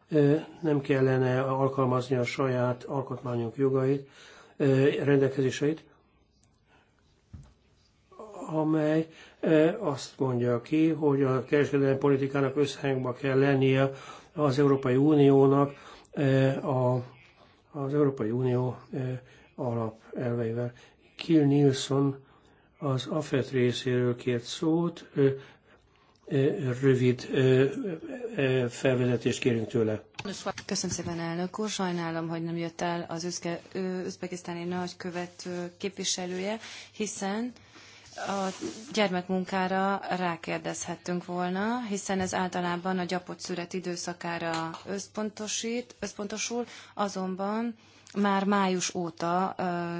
ö, nem kellene alkalmazni a saját alkotmányunk jogait, ö, rendelkezéseit, amely azt mondja ki, hogy a kereskedelmi politikának összhangba kell lennie az Európai Uniónak E, a, az Európai Unió e, alapelveivel. Kill Nielsen az AFET részéről kért szót, rövid felvezetést kérünk tőle. Köszönöm szépen, elnök úr. Sajnálom, hogy nem jött el az üzbekisztáni nagykövet képviselője, hiszen a gyermekmunkára rákérdezhettünk volna, hiszen ez általában a gyapott szület időszakára összpontosít, összpontosul, azonban már május óta ö,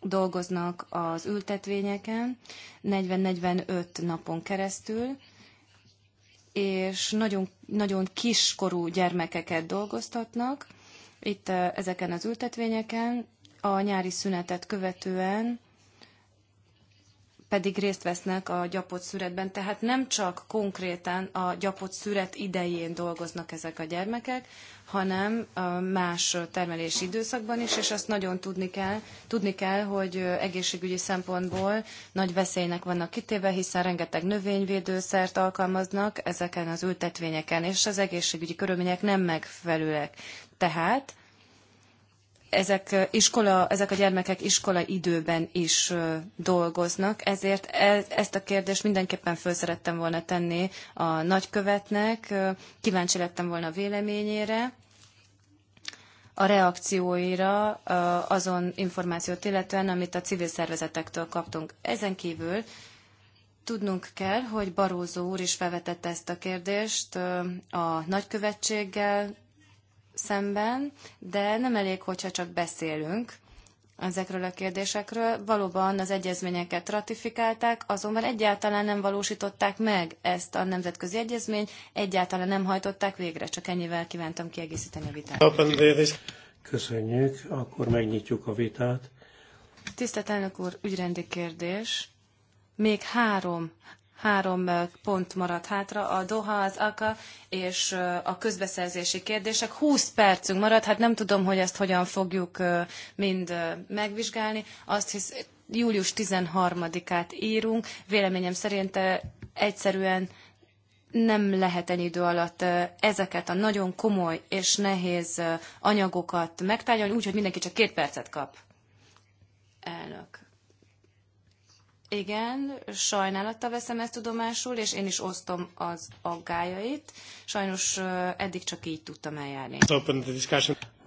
dolgoznak az ültetvényeken, 40-45 napon keresztül, és nagyon, nagyon kiskorú gyermekeket dolgoztatnak itt ezeken az ültetvényeken. A nyári szünetet követően pedig részt vesznek a gyapott szüretben. Tehát nem csak konkrétan a gyapott szüret idején dolgoznak ezek a gyermekek, hanem más termelési időszakban is, és azt nagyon tudni kell, tudni kell, hogy egészségügyi szempontból nagy veszélynek vannak kitéve, hiszen rengeteg növényvédőszert alkalmaznak ezeken az ültetvényeken, és az egészségügyi körülmények nem megfelelőek. Tehát ezek, iskola, ezek a gyermekek iskola időben is dolgoznak, ezért e, ezt a kérdést mindenképpen föl szerettem volna tenni a nagykövetnek, kíváncsi lettem volna a véleményére, a reakcióira azon információt illetően, amit a civil szervezetektől kaptunk. Ezen kívül tudnunk kell, hogy Barózó úr is felvetette ezt a kérdést a nagykövetséggel szemben, de nem elég, hogyha csak beszélünk ezekről a kérdésekről. Valóban az egyezményeket ratifikálták, azonban egyáltalán nem valósították meg ezt a nemzetközi egyezményt, egyáltalán nem hajtották végre, csak ennyivel kívántam kiegészíteni a vitát. Köszönjük, akkor megnyitjuk a vitát. Tisztelt elnök úr, ügyrendi kérdés. Még három három pont maradt hátra, a Doha, az AKA és a közbeszerzési kérdések. 20 percünk maradt, hát nem tudom, hogy ezt hogyan fogjuk mind megvizsgálni. Azt hisz, július 13-át írunk, véleményem szerint egyszerűen nem lehet ennyi idő alatt ezeket a nagyon komoly és nehéz anyagokat megtárgyalni, úgyhogy mindenki csak két percet kap. Elnök. Igen, sajnálatta veszem ezt tudomásul, és én is osztom az aggájait. Sajnos eddig csak így tudtam eljárni.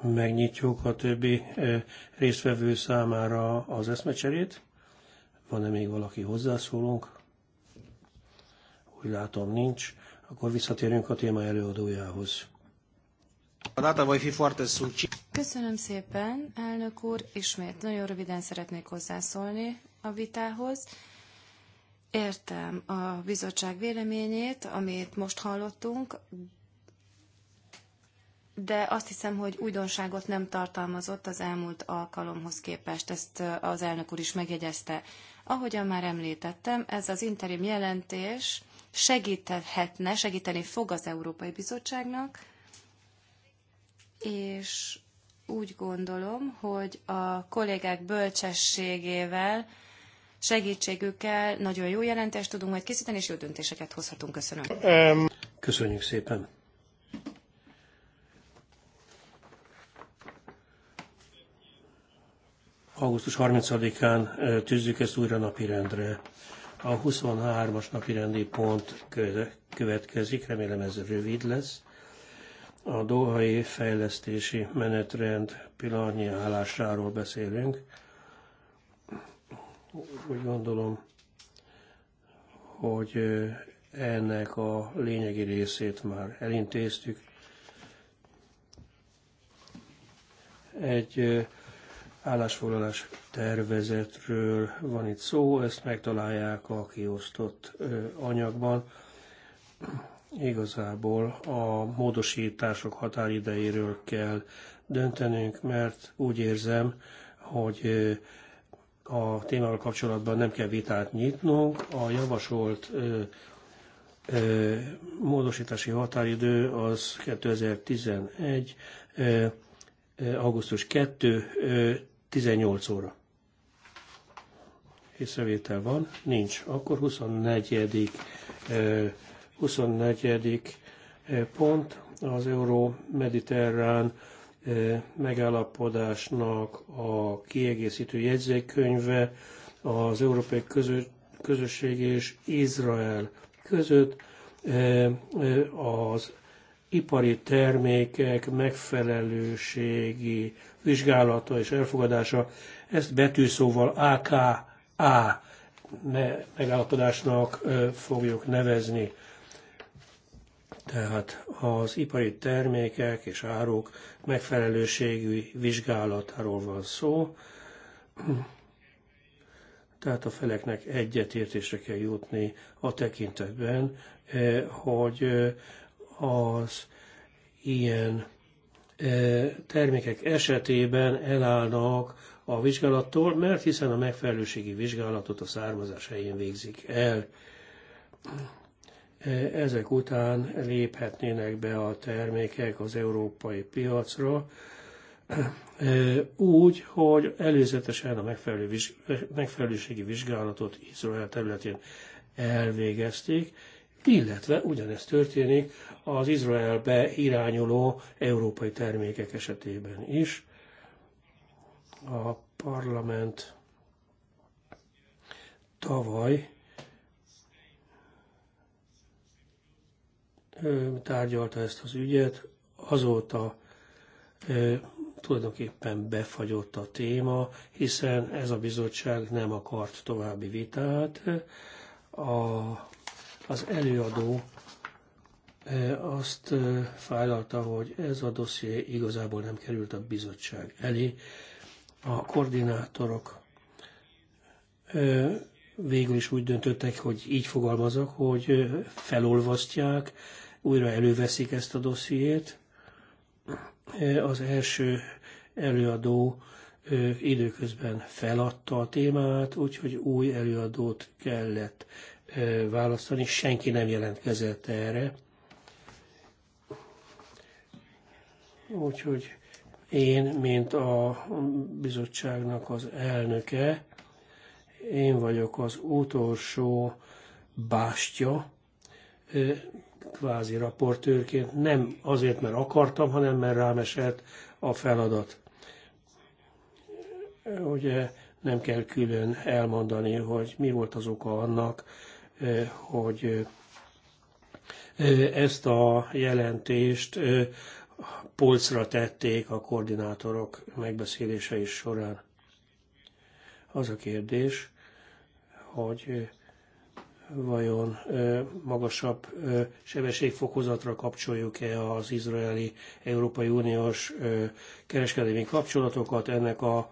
Megnyitjuk a többi résztvevő számára az eszmecserét. Van-e még valaki hozzászólunk? Úgy látom nincs. Akkor visszatérünk a téma előadójához. Data voi fi foarte succint. Köszönöm szépen, elnök úr. Ismét nagyon röviden szeretnék hozzászólni a vitához. Értem a bizottság véleményét, amit most hallottunk, de azt hiszem, hogy újdonságot nem tartalmazott az elmúlt alkalomhoz képest. Ezt az elnök úr is megjegyezte. Ahogyan már említettem, ez az interim jelentés segíthetne, segíteni fog az Európai Bizottságnak, és úgy gondolom, hogy a kollégák bölcsességével, segítségükkel nagyon jó jelentést tudunk majd készíteni, és jó döntéseket hozhatunk. Köszönöm. Köszönjük szépen. Augusztus 30-án tűzzük ezt újra napirendre. A 23-as napirendi pont következik, remélem ez rövid lesz a Dohai fejlesztési menetrend pillanatnyi állásáról beszélünk. Úgy gondolom, hogy ennek a lényegi részét már elintéztük. Egy állásfoglalás tervezetről van itt szó, ezt megtalálják a kiosztott anyagban. Igazából a módosítások határidejéről kell döntenünk, mert úgy érzem, hogy a témával kapcsolatban nem kell vitát nyitnunk. A javasolt módosítási határidő az 2011. augusztus 2. 18 óra. Észrevétel van? Nincs. Akkor 24. 24. Eh, pont az Euró-Mediterrán eh, megállapodásnak a kiegészítő jegyzékkönyve az Európai Közösség és Izrael között eh, az ipari termékek megfelelőségi vizsgálata és elfogadása, ezt betűszóval AKA megállapodásnak fogjuk nevezni tehát az ipari termékek és áruk megfelelőségű vizsgálatáról van szó, tehát a feleknek egyetértésre kell jutni a tekintetben, eh, hogy eh, az ilyen eh, termékek esetében elállnak a vizsgálattól, mert hiszen a megfelelőségi vizsgálatot a származás helyén végzik el. Ezek után léphetnének be a termékek az európai piacra, úgy, hogy előzetesen a megfelelő, megfelelőségi vizsgálatot Izrael területén elvégezték, illetve ugyanezt történik az Izraelbe irányuló európai termékek esetében is. A parlament tavaly tárgyalta ezt az ügyet, azóta tulajdonképpen befagyott a téma, hiszen ez a bizottság nem akart további vitát. A, az előadó azt fájlalta, hogy ez a dosszié igazából nem került a bizottság elé. A koordinátorok végül is úgy döntöttek, hogy így fogalmazok, hogy felolvasztják újra előveszik ezt a dossziét. E, az első előadó e, időközben feladta a témát, úgyhogy új előadót kellett e, választani, senki nem jelentkezett erre. Úgyhogy én, mint a bizottságnak az elnöke, én vagyok az utolsó bástya kvázi raportőrként, nem azért, mert akartam, hanem mert rám esett a feladat. Ugye nem kell külön elmondani, hogy mi volt az oka annak, eh, hogy eh, ezt a jelentést eh, polcra tették a koordinátorok megbeszélései során. Az a kérdés, hogy vajon magasabb sebességfokozatra kapcsoljuk-e az izraeli Európai Uniós kereskedelmi kapcsolatokat ennek a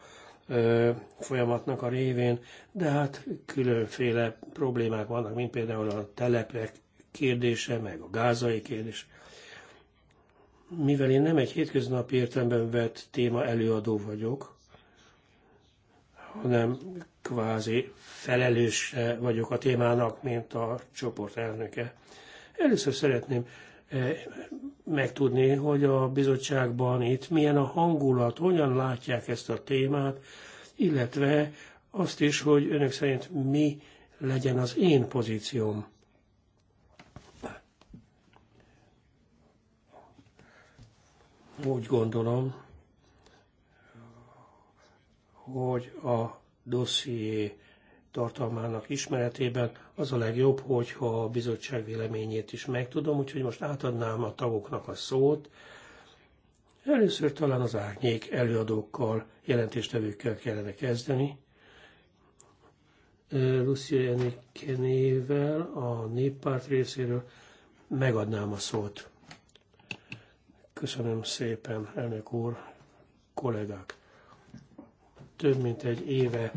folyamatnak a révén, de hát különféle problémák vannak, mint például a telepek kérdése, meg a gázai kérdés. Mivel én nem egy hétköznapi értelemben vett téma előadó vagyok, hanem kvázi felelős vagyok a témának, mint a csoport elnöke. Először szeretném eh, megtudni, hogy a bizottságban itt milyen a hangulat, hogyan látják ezt a témát, illetve azt is, hogy önök szerint mi legyen az én pozícióm. Úgy gondolom, hogy a dosszié tartalmának ismeretében az a legjobb, hogyha a bizottság véleményét is megtudom, úgyhogy most átadnám a tagoknak a szót. Először talán az árnyék előadókkal, jelentéstevőkkel kellene kezdeni. Lucia Enikenével a néppárt részéről megadnám a szót. Köszönöm szépen, elnök úr, kollégák! több mint egy éve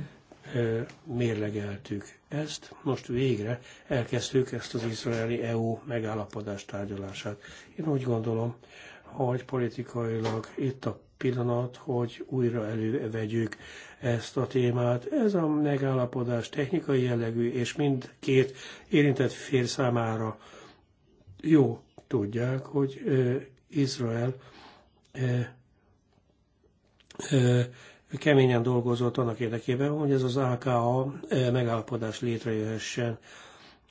mérlegeltük ezt, most végre elkezdtük ezt az izraeli EU megállapodás tárgyalását. Én úgy gondolom, hogy politikailag itt a pillanat, hogy újra elővegyük ezt a témát. Ez a megállapodás technikai jellegű, és mindkét érintett fél számára jó tudják, hogy Izrael keményen dolgozott annak érdekében, hogy ez az AKA e, megállapodás létrejöhessen.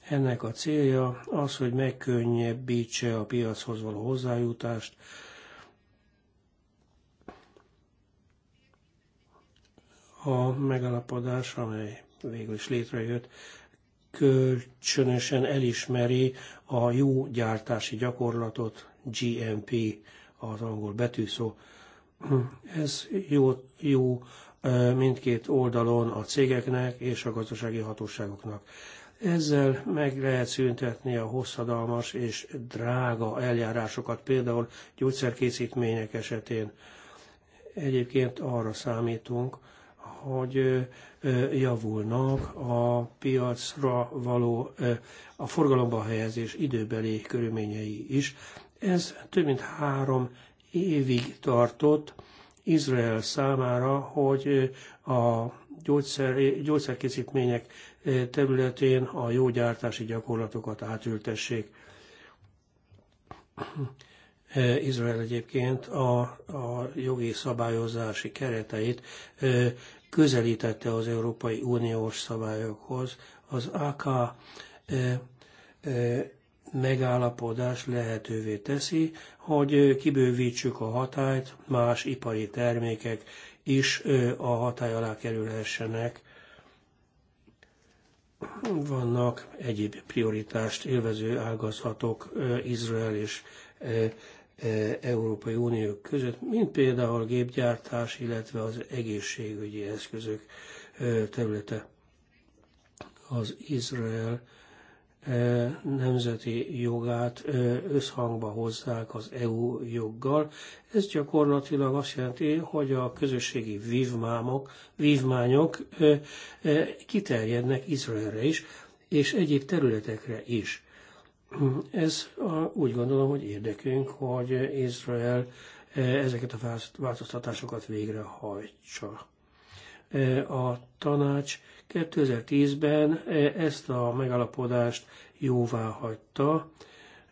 Ennek a célja az, hogy megkönnyebbítse a piachoz való hozzájutást, a megállapodás, amely végül is létrejött, kölcsönösen elismeri a jó gyártási gyakorlatot, GMP az angol betűszó. Ez jó, jó mindkét oldalon a cégeknek és a gazdasági hatóságoknak. Ezzel meg lehet szüntetni a hosszadalmas és drága eljárásokat, például gyógyszerkészítmények esetén. Egyébként arra számítunk, hogy javulnak a piacra való, a forgalomba helyezés időbeli körülményei is. Ez több mint három évig tartott Izrael számára, hogy a gyógyszer, gyógyszerkészítmények eh, területén a jó gyártási gyakorlatokat átültessék. Eh, Izrael egyébként a, a jogi szabályozási kereteit eh, közelítette az Európai Uniós szabályokhoz. Az AK megállapodás lehetővé teszi, hogy kibővítsük a hatályt, más ipari termékek is a hatály alá kerülhessenek. Vannak egyéb prioritást élvező ágazatok Izrael és Európai Unió között, mint például a gépgyártás, illetve az egészségügyi eszközök területe. Az Izrael nemzeti jogát összhangba hozzák az EU joggal. Ez gyakorlatilag azt jelenti, hogy a közösségi vívmámok, vívmányok kiterjednek Izraelre is, és egyéb területekre is. Ez a, úgy gondolom, hogy érdekünk, hogy Izrael ezeket a változtatásokat végrehajtsa. A tanács 2010-ben e, ezt a megalapodást jóvá hagyta.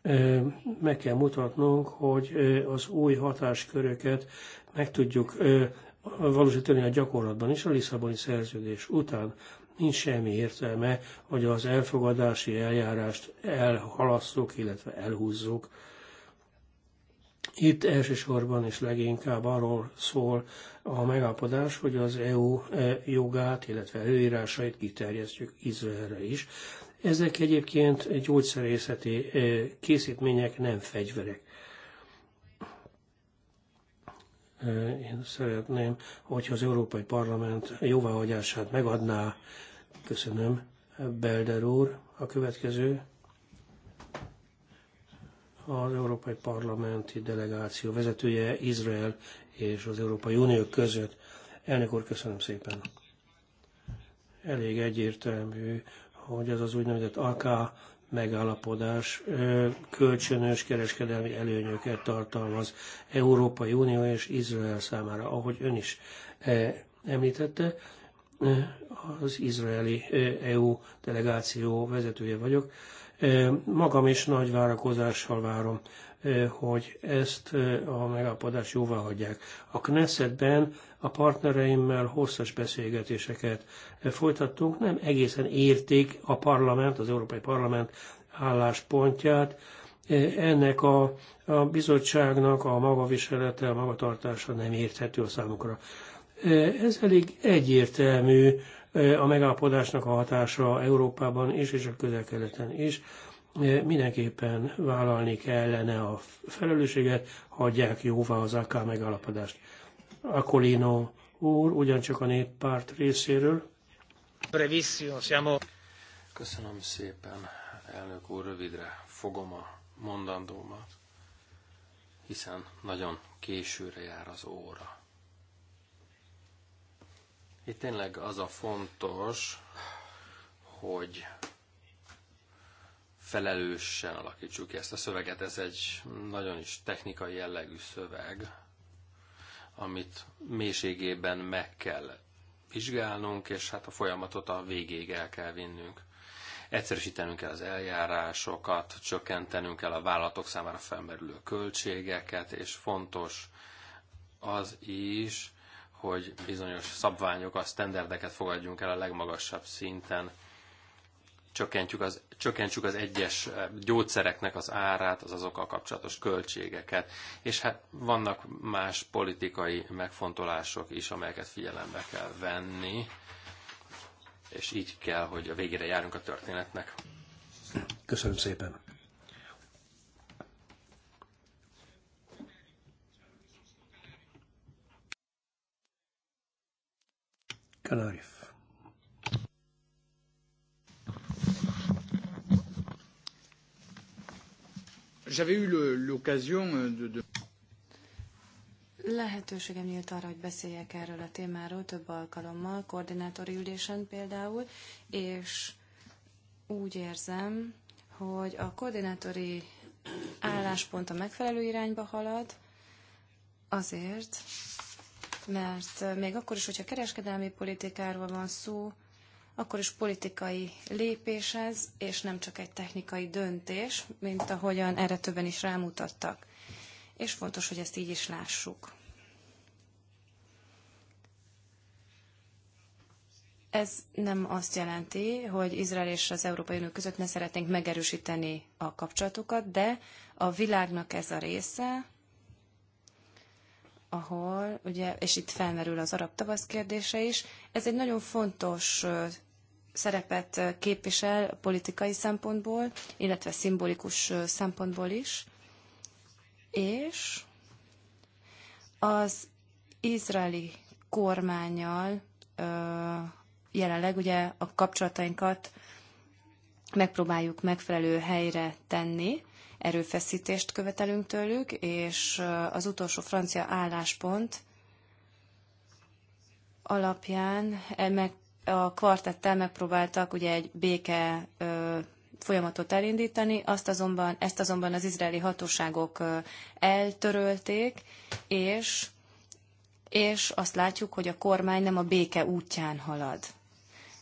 E, meg kell mutatnunk, hogy e, az új hatásköröket meg tudjuk valósítani a gyakorlatban is a Lisszaboni szerződés után. Nincs semmi értelme, hogy az elfogadási eljárást elhalasszuk, illetve elhúzzuk. Itt elsősorban és leginkább arról szól a megállapodás, hogy az EU e, jogát, illetve előírásait kiterjesztjük Izraelre is. Ezek egyébként gyógyszerészeti e, készítmények, nem fegyverek. E, én szeretném, hogyha az Európai Parlament jóváhagyását megadná. Köszönöm, Belder úr. A következő az Európai Parlamenti Delegáció vezetője Izrael és az Európai Unió között. Elnök úr, köszönöm szépen. Elég egyértelmű, hogy ez az úgynevezett AK megállapodás kölcsönös kereskedelmi előnyöket tartalmaz Európai Unió és Izrael számára, ahogy ön is említette. Az izraeli EU delegáció vezetője vagyok. Magam is nagy várakozással várom, hogy ezt a megállapodást jóvá hagyják. A Knessetben a partnereimmel hosszas beszélgetéseket folytattunk, nem egészen érték a parlament, az Európai Parlament álláspontját, ennek a, a bizottságnak a magaviselete, a magatartása nem érthető a számukra. Ez elég egyértelmű a megállapodásnak a hatása Európában is és a közel-keleten is. E, mindenképpen vállalni kellene a felelősséget, hagyják jóvá az AK megállapodást. Akolino úr, ugyancsak a néppárt részéről. Köszönöm szépen, elnök úr, rövidre fogom a mondandómat, hiszen nagyon későre jár az óra. Itt tényleg az a fontos, hogy felelősen alakítsuk ki ezt a szöveget. Ez egy nagyon is technikai jellegű szöveg, amit mélységében meg kell vizsgálnunk, és hát a folyamatot a végéig el kell vinnünk. Egyszerűsítenünk kell az eljárásokat, csökkentenünk kell a vállalatok számára felmerülő költségeket, és fontos az is, hogy bizonyos szabványokat, sztenderdeket fogadjunk el a legmagasabb szinten. Csökkentjük az, csökkentjük az egyes eh, gyógyszereknek az árát, az azokkal kapcsolatos költségeket. És hát vannak más politikai megfontolások is, amelyeket figyelembe kell venni, és így kell, hogy a végére járunk a történetnek. Köszönöm szépen. J'avais eu l'occasion euh, de, de... Lehetőségem nyílt arra, hogy beszéljek erről a témáról több alkalommal, koordinátori ülésen például, és úgy érzem, hogy a koordinátori álláspont a megfelelő irányba halad, azért, mert még akkor is, hogyha kereskedelmi politikáról van szó, akkor is politikai lépés ez, és nem csak egy technikai döntés, mint ahogyan erre többen is rámutattak. És fontos, hogy ezt így is lássuk. Ez nem azt jelenti, hogy Izrael és az Európai Unió között ne szeretnénk megerősíteni a kapcsolatokat, de a világnak ez a része, ahol, ugye, és itt felmerül az arab tavasz kérdése is, ez egy nagyon fontos szerepet képvisel politikai szempontból, illetve szimbolikus szempontból is, és az izraeli kormányjal jelenleg ugye a kapcsolatainkat megpróbáljuk megfelelő helyre tenni, erőfeszítést követelünk tőlük, és az utolsó francia álláspont alapján e, meg a kvartettel megpróbáltak ugye egy béke folyamatot elindítani, azt azonban, ezt azonban az izraeli hatóságok eltörölték, és, és azt látjuk, hogy a kormány nem a béke útján halad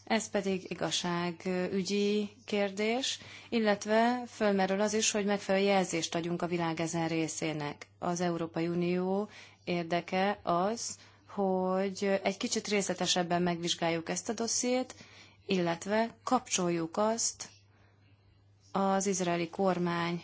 ez pedig igazságügyi kérdés, illetve fölmerül az is, hogy megfelelő jelzést adjunk a világ ezen részének. Az Európai Unió érdeke az, hogy egy kicsit részletesebben megvizsgáljuk ezt a dossziét, illetve kapcsoljuk azt az izraeli kormány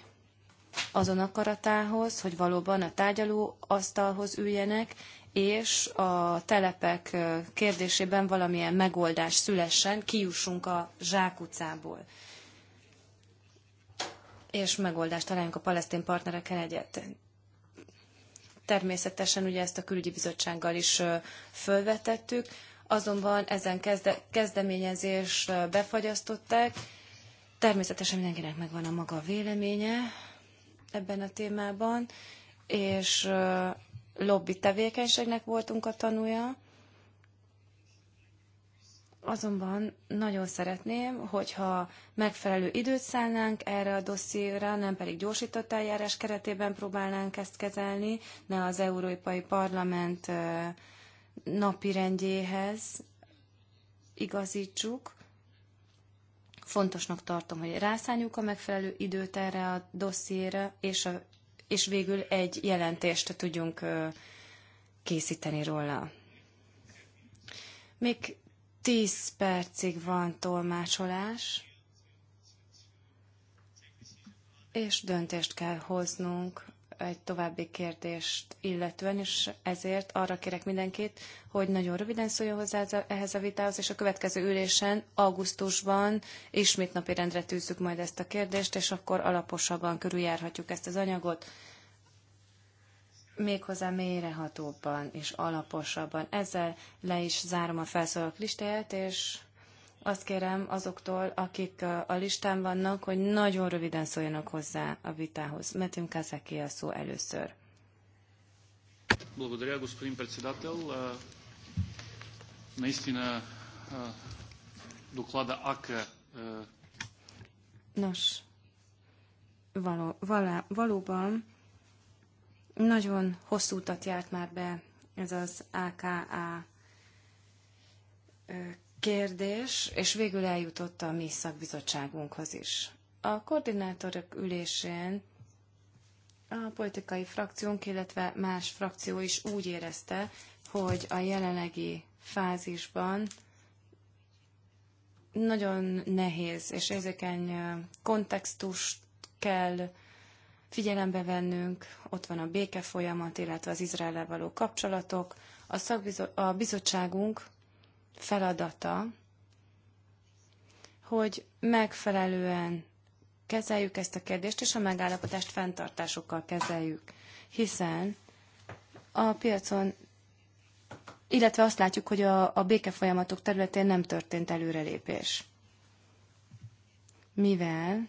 azon akaratához, hogy valóban a tárgyaló asztalhoz üljenek, és a telepek kérdésében valamilyen megoldás szülessen, kijussunk a zsákutcából, és megoldást találjunk a palesztin partnerekkel egyet. Természetesen ugye ezt a külügyi bizottsággal is fölvetettük, azonban ezen kezde, kezdeményezés befagyasztották. Természetesen mindenkinek megvan a maga véleménye ebben a témában, és lobby tevékenységnek voltunk a tanúja, azonban nagyon szeretném, hogyha megfelelő időt szállnánk erre a dossziéra, nem pedig gyorsított eljárás keretében próbálnánk ezt kezelni, ne az Európai Parlament napi rendjéhez igazítsuk. Fontosnak tartom, hogy rászálljuk a megfelelő időt erre a dossziéra, és a és végül egy jelentést tudjunk készíteni róla. Még tíz percig van tolmácsolás, és döntést kell hoznunk egy további kérdést illetően, és ezért arra kérek mindenkit, hogy nagyon röviden szóljon hozzá ehhez a vitához, és a következő ülésen, augusztusban ismét napirendre tűzzük majd ezt a kérdést, és akkor alaposabban körüljárhatjuk ezt az anyagot, méghozzá mélyrehatóbban és alaposabban. Ezzel le is zárom a felszólalók listáját, és azt kérem azoktól, akik a listán vannak, hogy nagyon röviden szóljanak hozzá a vitához. Metünk Kazaki a szó először. Nos, való, valá, valóban nagyon hosszú utat járt már be ez az AKA kérdés, és végül eljutott a mi szakbizottságunkhoz is. A koordinátorok ülésén a politikai frakciónk, illetve más frakció is úgy érezte, hogy a jelenlegi fázisban nagyon nehéz és érzékeny kontextust kell figyelembe vennünk. Ott van a béke folyamat, illetve az Izrael való kapcsolatok. A, szakbizo- a bizottságunk feladata, hogy megfelelően kezeljük ezt a kérdést, és a megállapodást fenntartásokkal kezeljük. Hiszen a piacon, illetve azt látjuk, hogy a, a folyamatok területén nem történt előrelépés. Mivel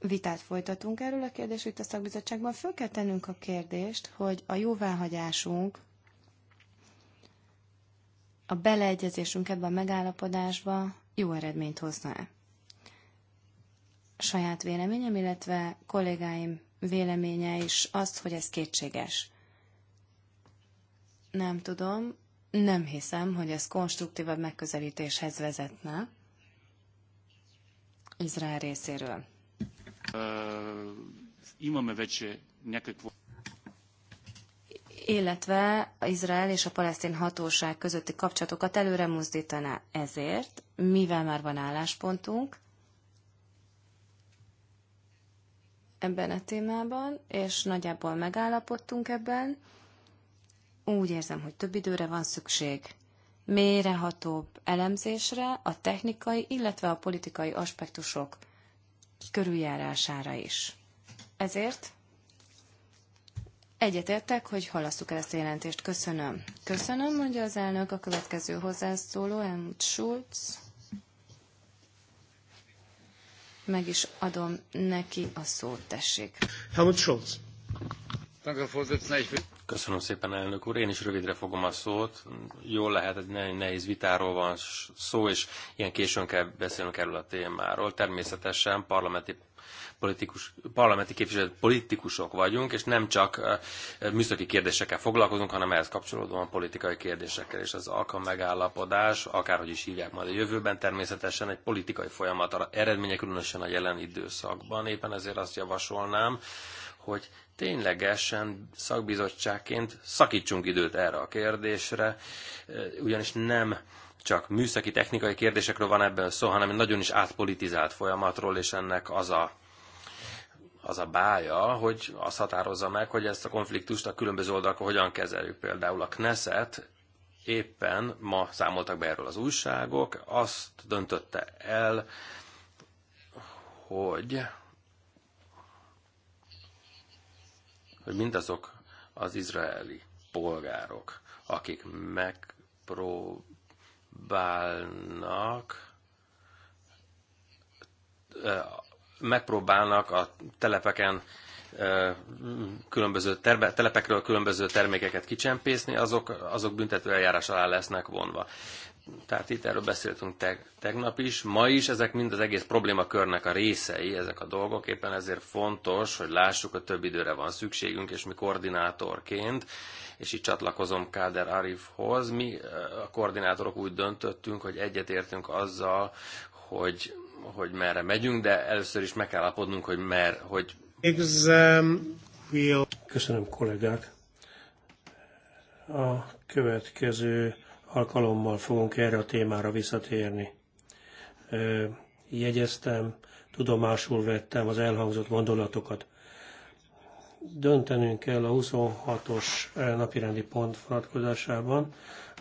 vitát folytatunk erről a kérdésről itt a szakbizottságban. Föl kell tennünk a kérdést, hogy a jóváhagyásunk, a beleegyezésünk ebbe a megállapodásba jó eredményt hozna -e. Saját véleményem, illetve kollégáim véleménye is az, hogy ez kétséges. Nem tudom, nem hiszem, hogy ez konstruktívabb megközelítéshez vezetne Izrael részéről. Имаме вече някакво illetve Izrael és a palesztin hatóság közötti kapcsolatokat előre mozdítaná ezért, mivel már van álláspontunk ebben a témában, és nagyjából megállapodtunk ebben. Úgy érzem, hogy több időre van szükség mélyrehatóbb elemzésre a technikai, illetve a politikai aspektusok körüljárására is. Ezért egyetértek, hogy halasszuk el ezt a jelentést. Köszönöm. Köszönöm, mondja az elnök a következő hozzászóló, Helmut Schulz. Meg is adom neki a szót, tessék. Helmut Schulz. Köszönöm szépen, elnök úr. Én is rövidre fogom a szót. Jól lehet, hogy nagyon nehéz vitáról van szó, és ilyen későn kell beszélnünk erről a témáról. Természetesen parlamenti politikus, parlamenti képviselő politikusok vagyunk, és nem csak eh, műszaki kérdésekkel foglalkozunk, hanem ehhez kapcsolódóan politikai kérdésekkel, és az alkalom megállapodás, akárhogy is hívják majd a jövőben, természetesen egy politikai folyamat eredménye, különösen a jelen időszakban. Éppen ezért azt javasolnám, hogy ténylegesen szakbizottságként szakítsunk időt erre a kérdésre, eh, ugyanis nem csak műszaki, technikai kérdésekről van ebben szó, hanem egy nagyon is átpolitizált folyamatról, és ennek az a az a bája, hogy azt határozza meg, hogy ezt a konfliktust a különböző oldalakon hogyan kezeljük. Például a Knesset éppen ma számoltak be erről az újságok, azt döntötte el, hogy hogy mindazok az izraeli polgárok, akik megpróbálnak megpróbálnak a telepeken különböző terbe, telepekről különböző termékeket kicsempészni, azok, azok büntető eljárás alá lesznek vonva. Tehát itt erről beszéltünk teg, tegnap is, ma is, ezek mind az egész problémakörnek a részei, ezek a dolgok, éppen ezért fontos, hogy lássuk, hogy több időre van szükségünk, és mi koordinátorként, és itt csatlakozom Káder Arifhoz, mi eh, a koordinátorok úgy döntöttünk, hogy egyetértünk azzal, hogy, hogy merre megyünk, de először is meg kell állapodnunk, hogy mer, hogy... Köszönöm kollégák! A következő alkalommal fogunk erre a témára visszatérni. Jegyeztem, tudomásul vettem az elhangzott gondolatokat. Döntenünk kell a 26-os napirendi pont vonatkozásában.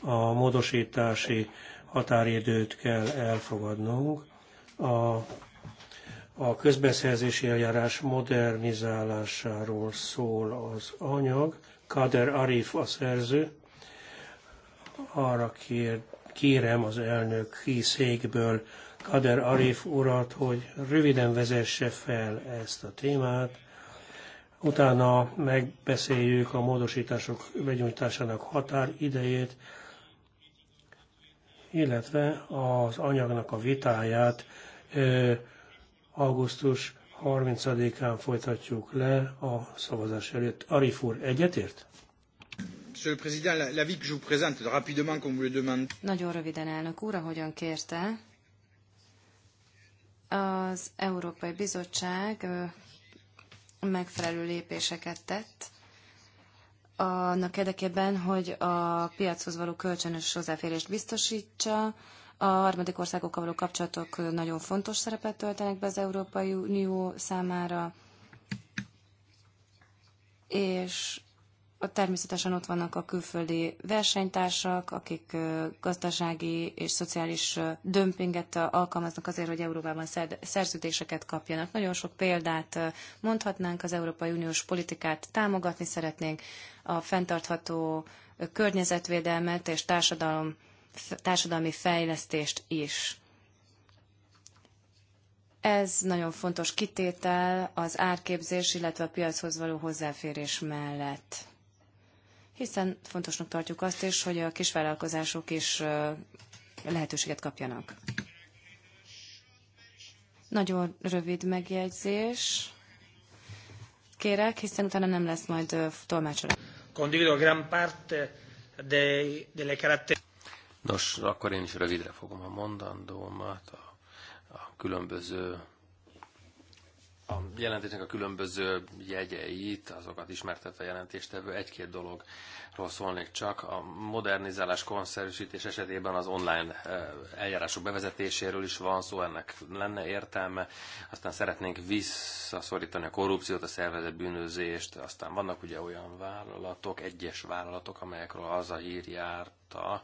A módosítási határidőt kell elfogadnunk. A, a közbeszerzési eljárás modernizálásáról szól az anyag. Kader Arif a szerző arra kér, kérem az elnök székből Kader Arif urat, hogy röviden vezesse fel ezt a témát. Utána megbeszéljük a módosítások begyújtásának határidejét, illetve az anyagnak a vitáját augusztus 30-án folytatjuk le a szavazás előtt. Arif úr, egyetért? Monsieur le Président, l'avis que je vous présente rapidement, comme vous le demandez. Nagyon röviden, elnök úr, ahogyan kérte, az Európai Bizottság megfelelő lépéseket tett annak érdekében, hogy a piachoz való kölcsönös hozzáférést biztosítsa, a harmadik országokkal való kapcsolatok nagyon fontos szerepet töltenek be az Európai Unió számára, és természetesen ott vannak a külföldi versenytársak, akik gazdasági és szociális dömpinget alkalmaznak azért, hogy Európában szerződéseket kapjanak. Nagyon sok példát mondhatnánk, az Európai Uniós politikát támogatni szeretnénk, a fenntartható környezetvédelmet és társadalom, társadalmi fejlesztést is. Ez nagyon fontos kitétel az árképzés, illetve a piachoz való hozzáférés mellett hiszen fontosnak tartjuk azt is, hogy a kisvállalkozások is lehetőséget kapjanak. Nagyon rövid megjegyzés kérek, hiszen utána nem lesz majd tolmácsolás. Condivido gran parte de, delle caratter... Nos, akkor én is rövidre fogom a mondandómat, a, a különböző a jelentésnek a különböző jegyeit, azokat ismertetve a jelentéstevő, egy-két dologról szólnék csak. A modernizálás, konszerűsítés esetében az online eh, eljárások bevezetéséről is van szó, ennek lenne értelme. Aztán szeretnénk visszaszorítani a korrupciót, a szervezett bűnözést, aztán vannak ugye olyan vállalatok, egyes vállalatok, amelyekről az a hír járta,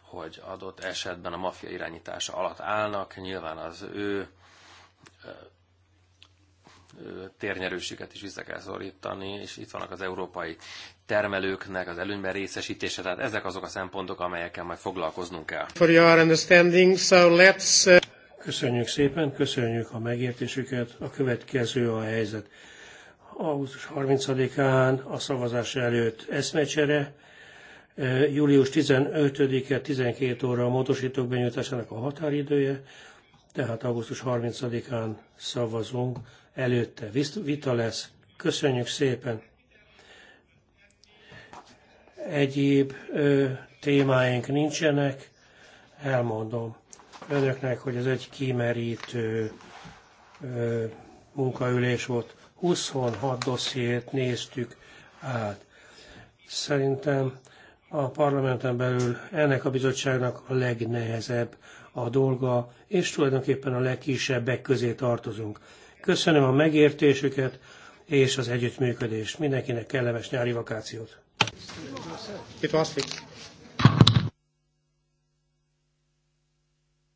hogy adott esetben a maffia irányítása alatt állnak. Nyilván az ő eh, térnyerősüket is vissza kell szorítani, és itt vannak az európai termelőknek az előnyben részesítése, tehát ezek azok a szempontok, amelyekkel majd foglalkoznunk kell. For your understanding, so let's... Uh, köszönjük szépen, köszönjük a megértésüket, a következő a helyzet. Augusztus 30-án a szavazás előtt eszmecsere, július 15-e 12 óra a módosítók benyújtásának a határidője, tehát augusztus 30-án szavazunk, előtte vita lesz. Köszönjük szépen! Egyéb ö, témáink nincsenek, elmondom önöknek, hogy ez egy kimerítő ö, munkaülés volt. 26 dossziét néztük át. Szerintem a parlamenten belül ennek a bizottságnak a legnehezebb a dolga, és tulajdonképpen a legkisebbek közé tartozunk. Köszönöm a megértésüket és az együttműködést. Mindenkinek kellemes nyári vakációt. It was fixed.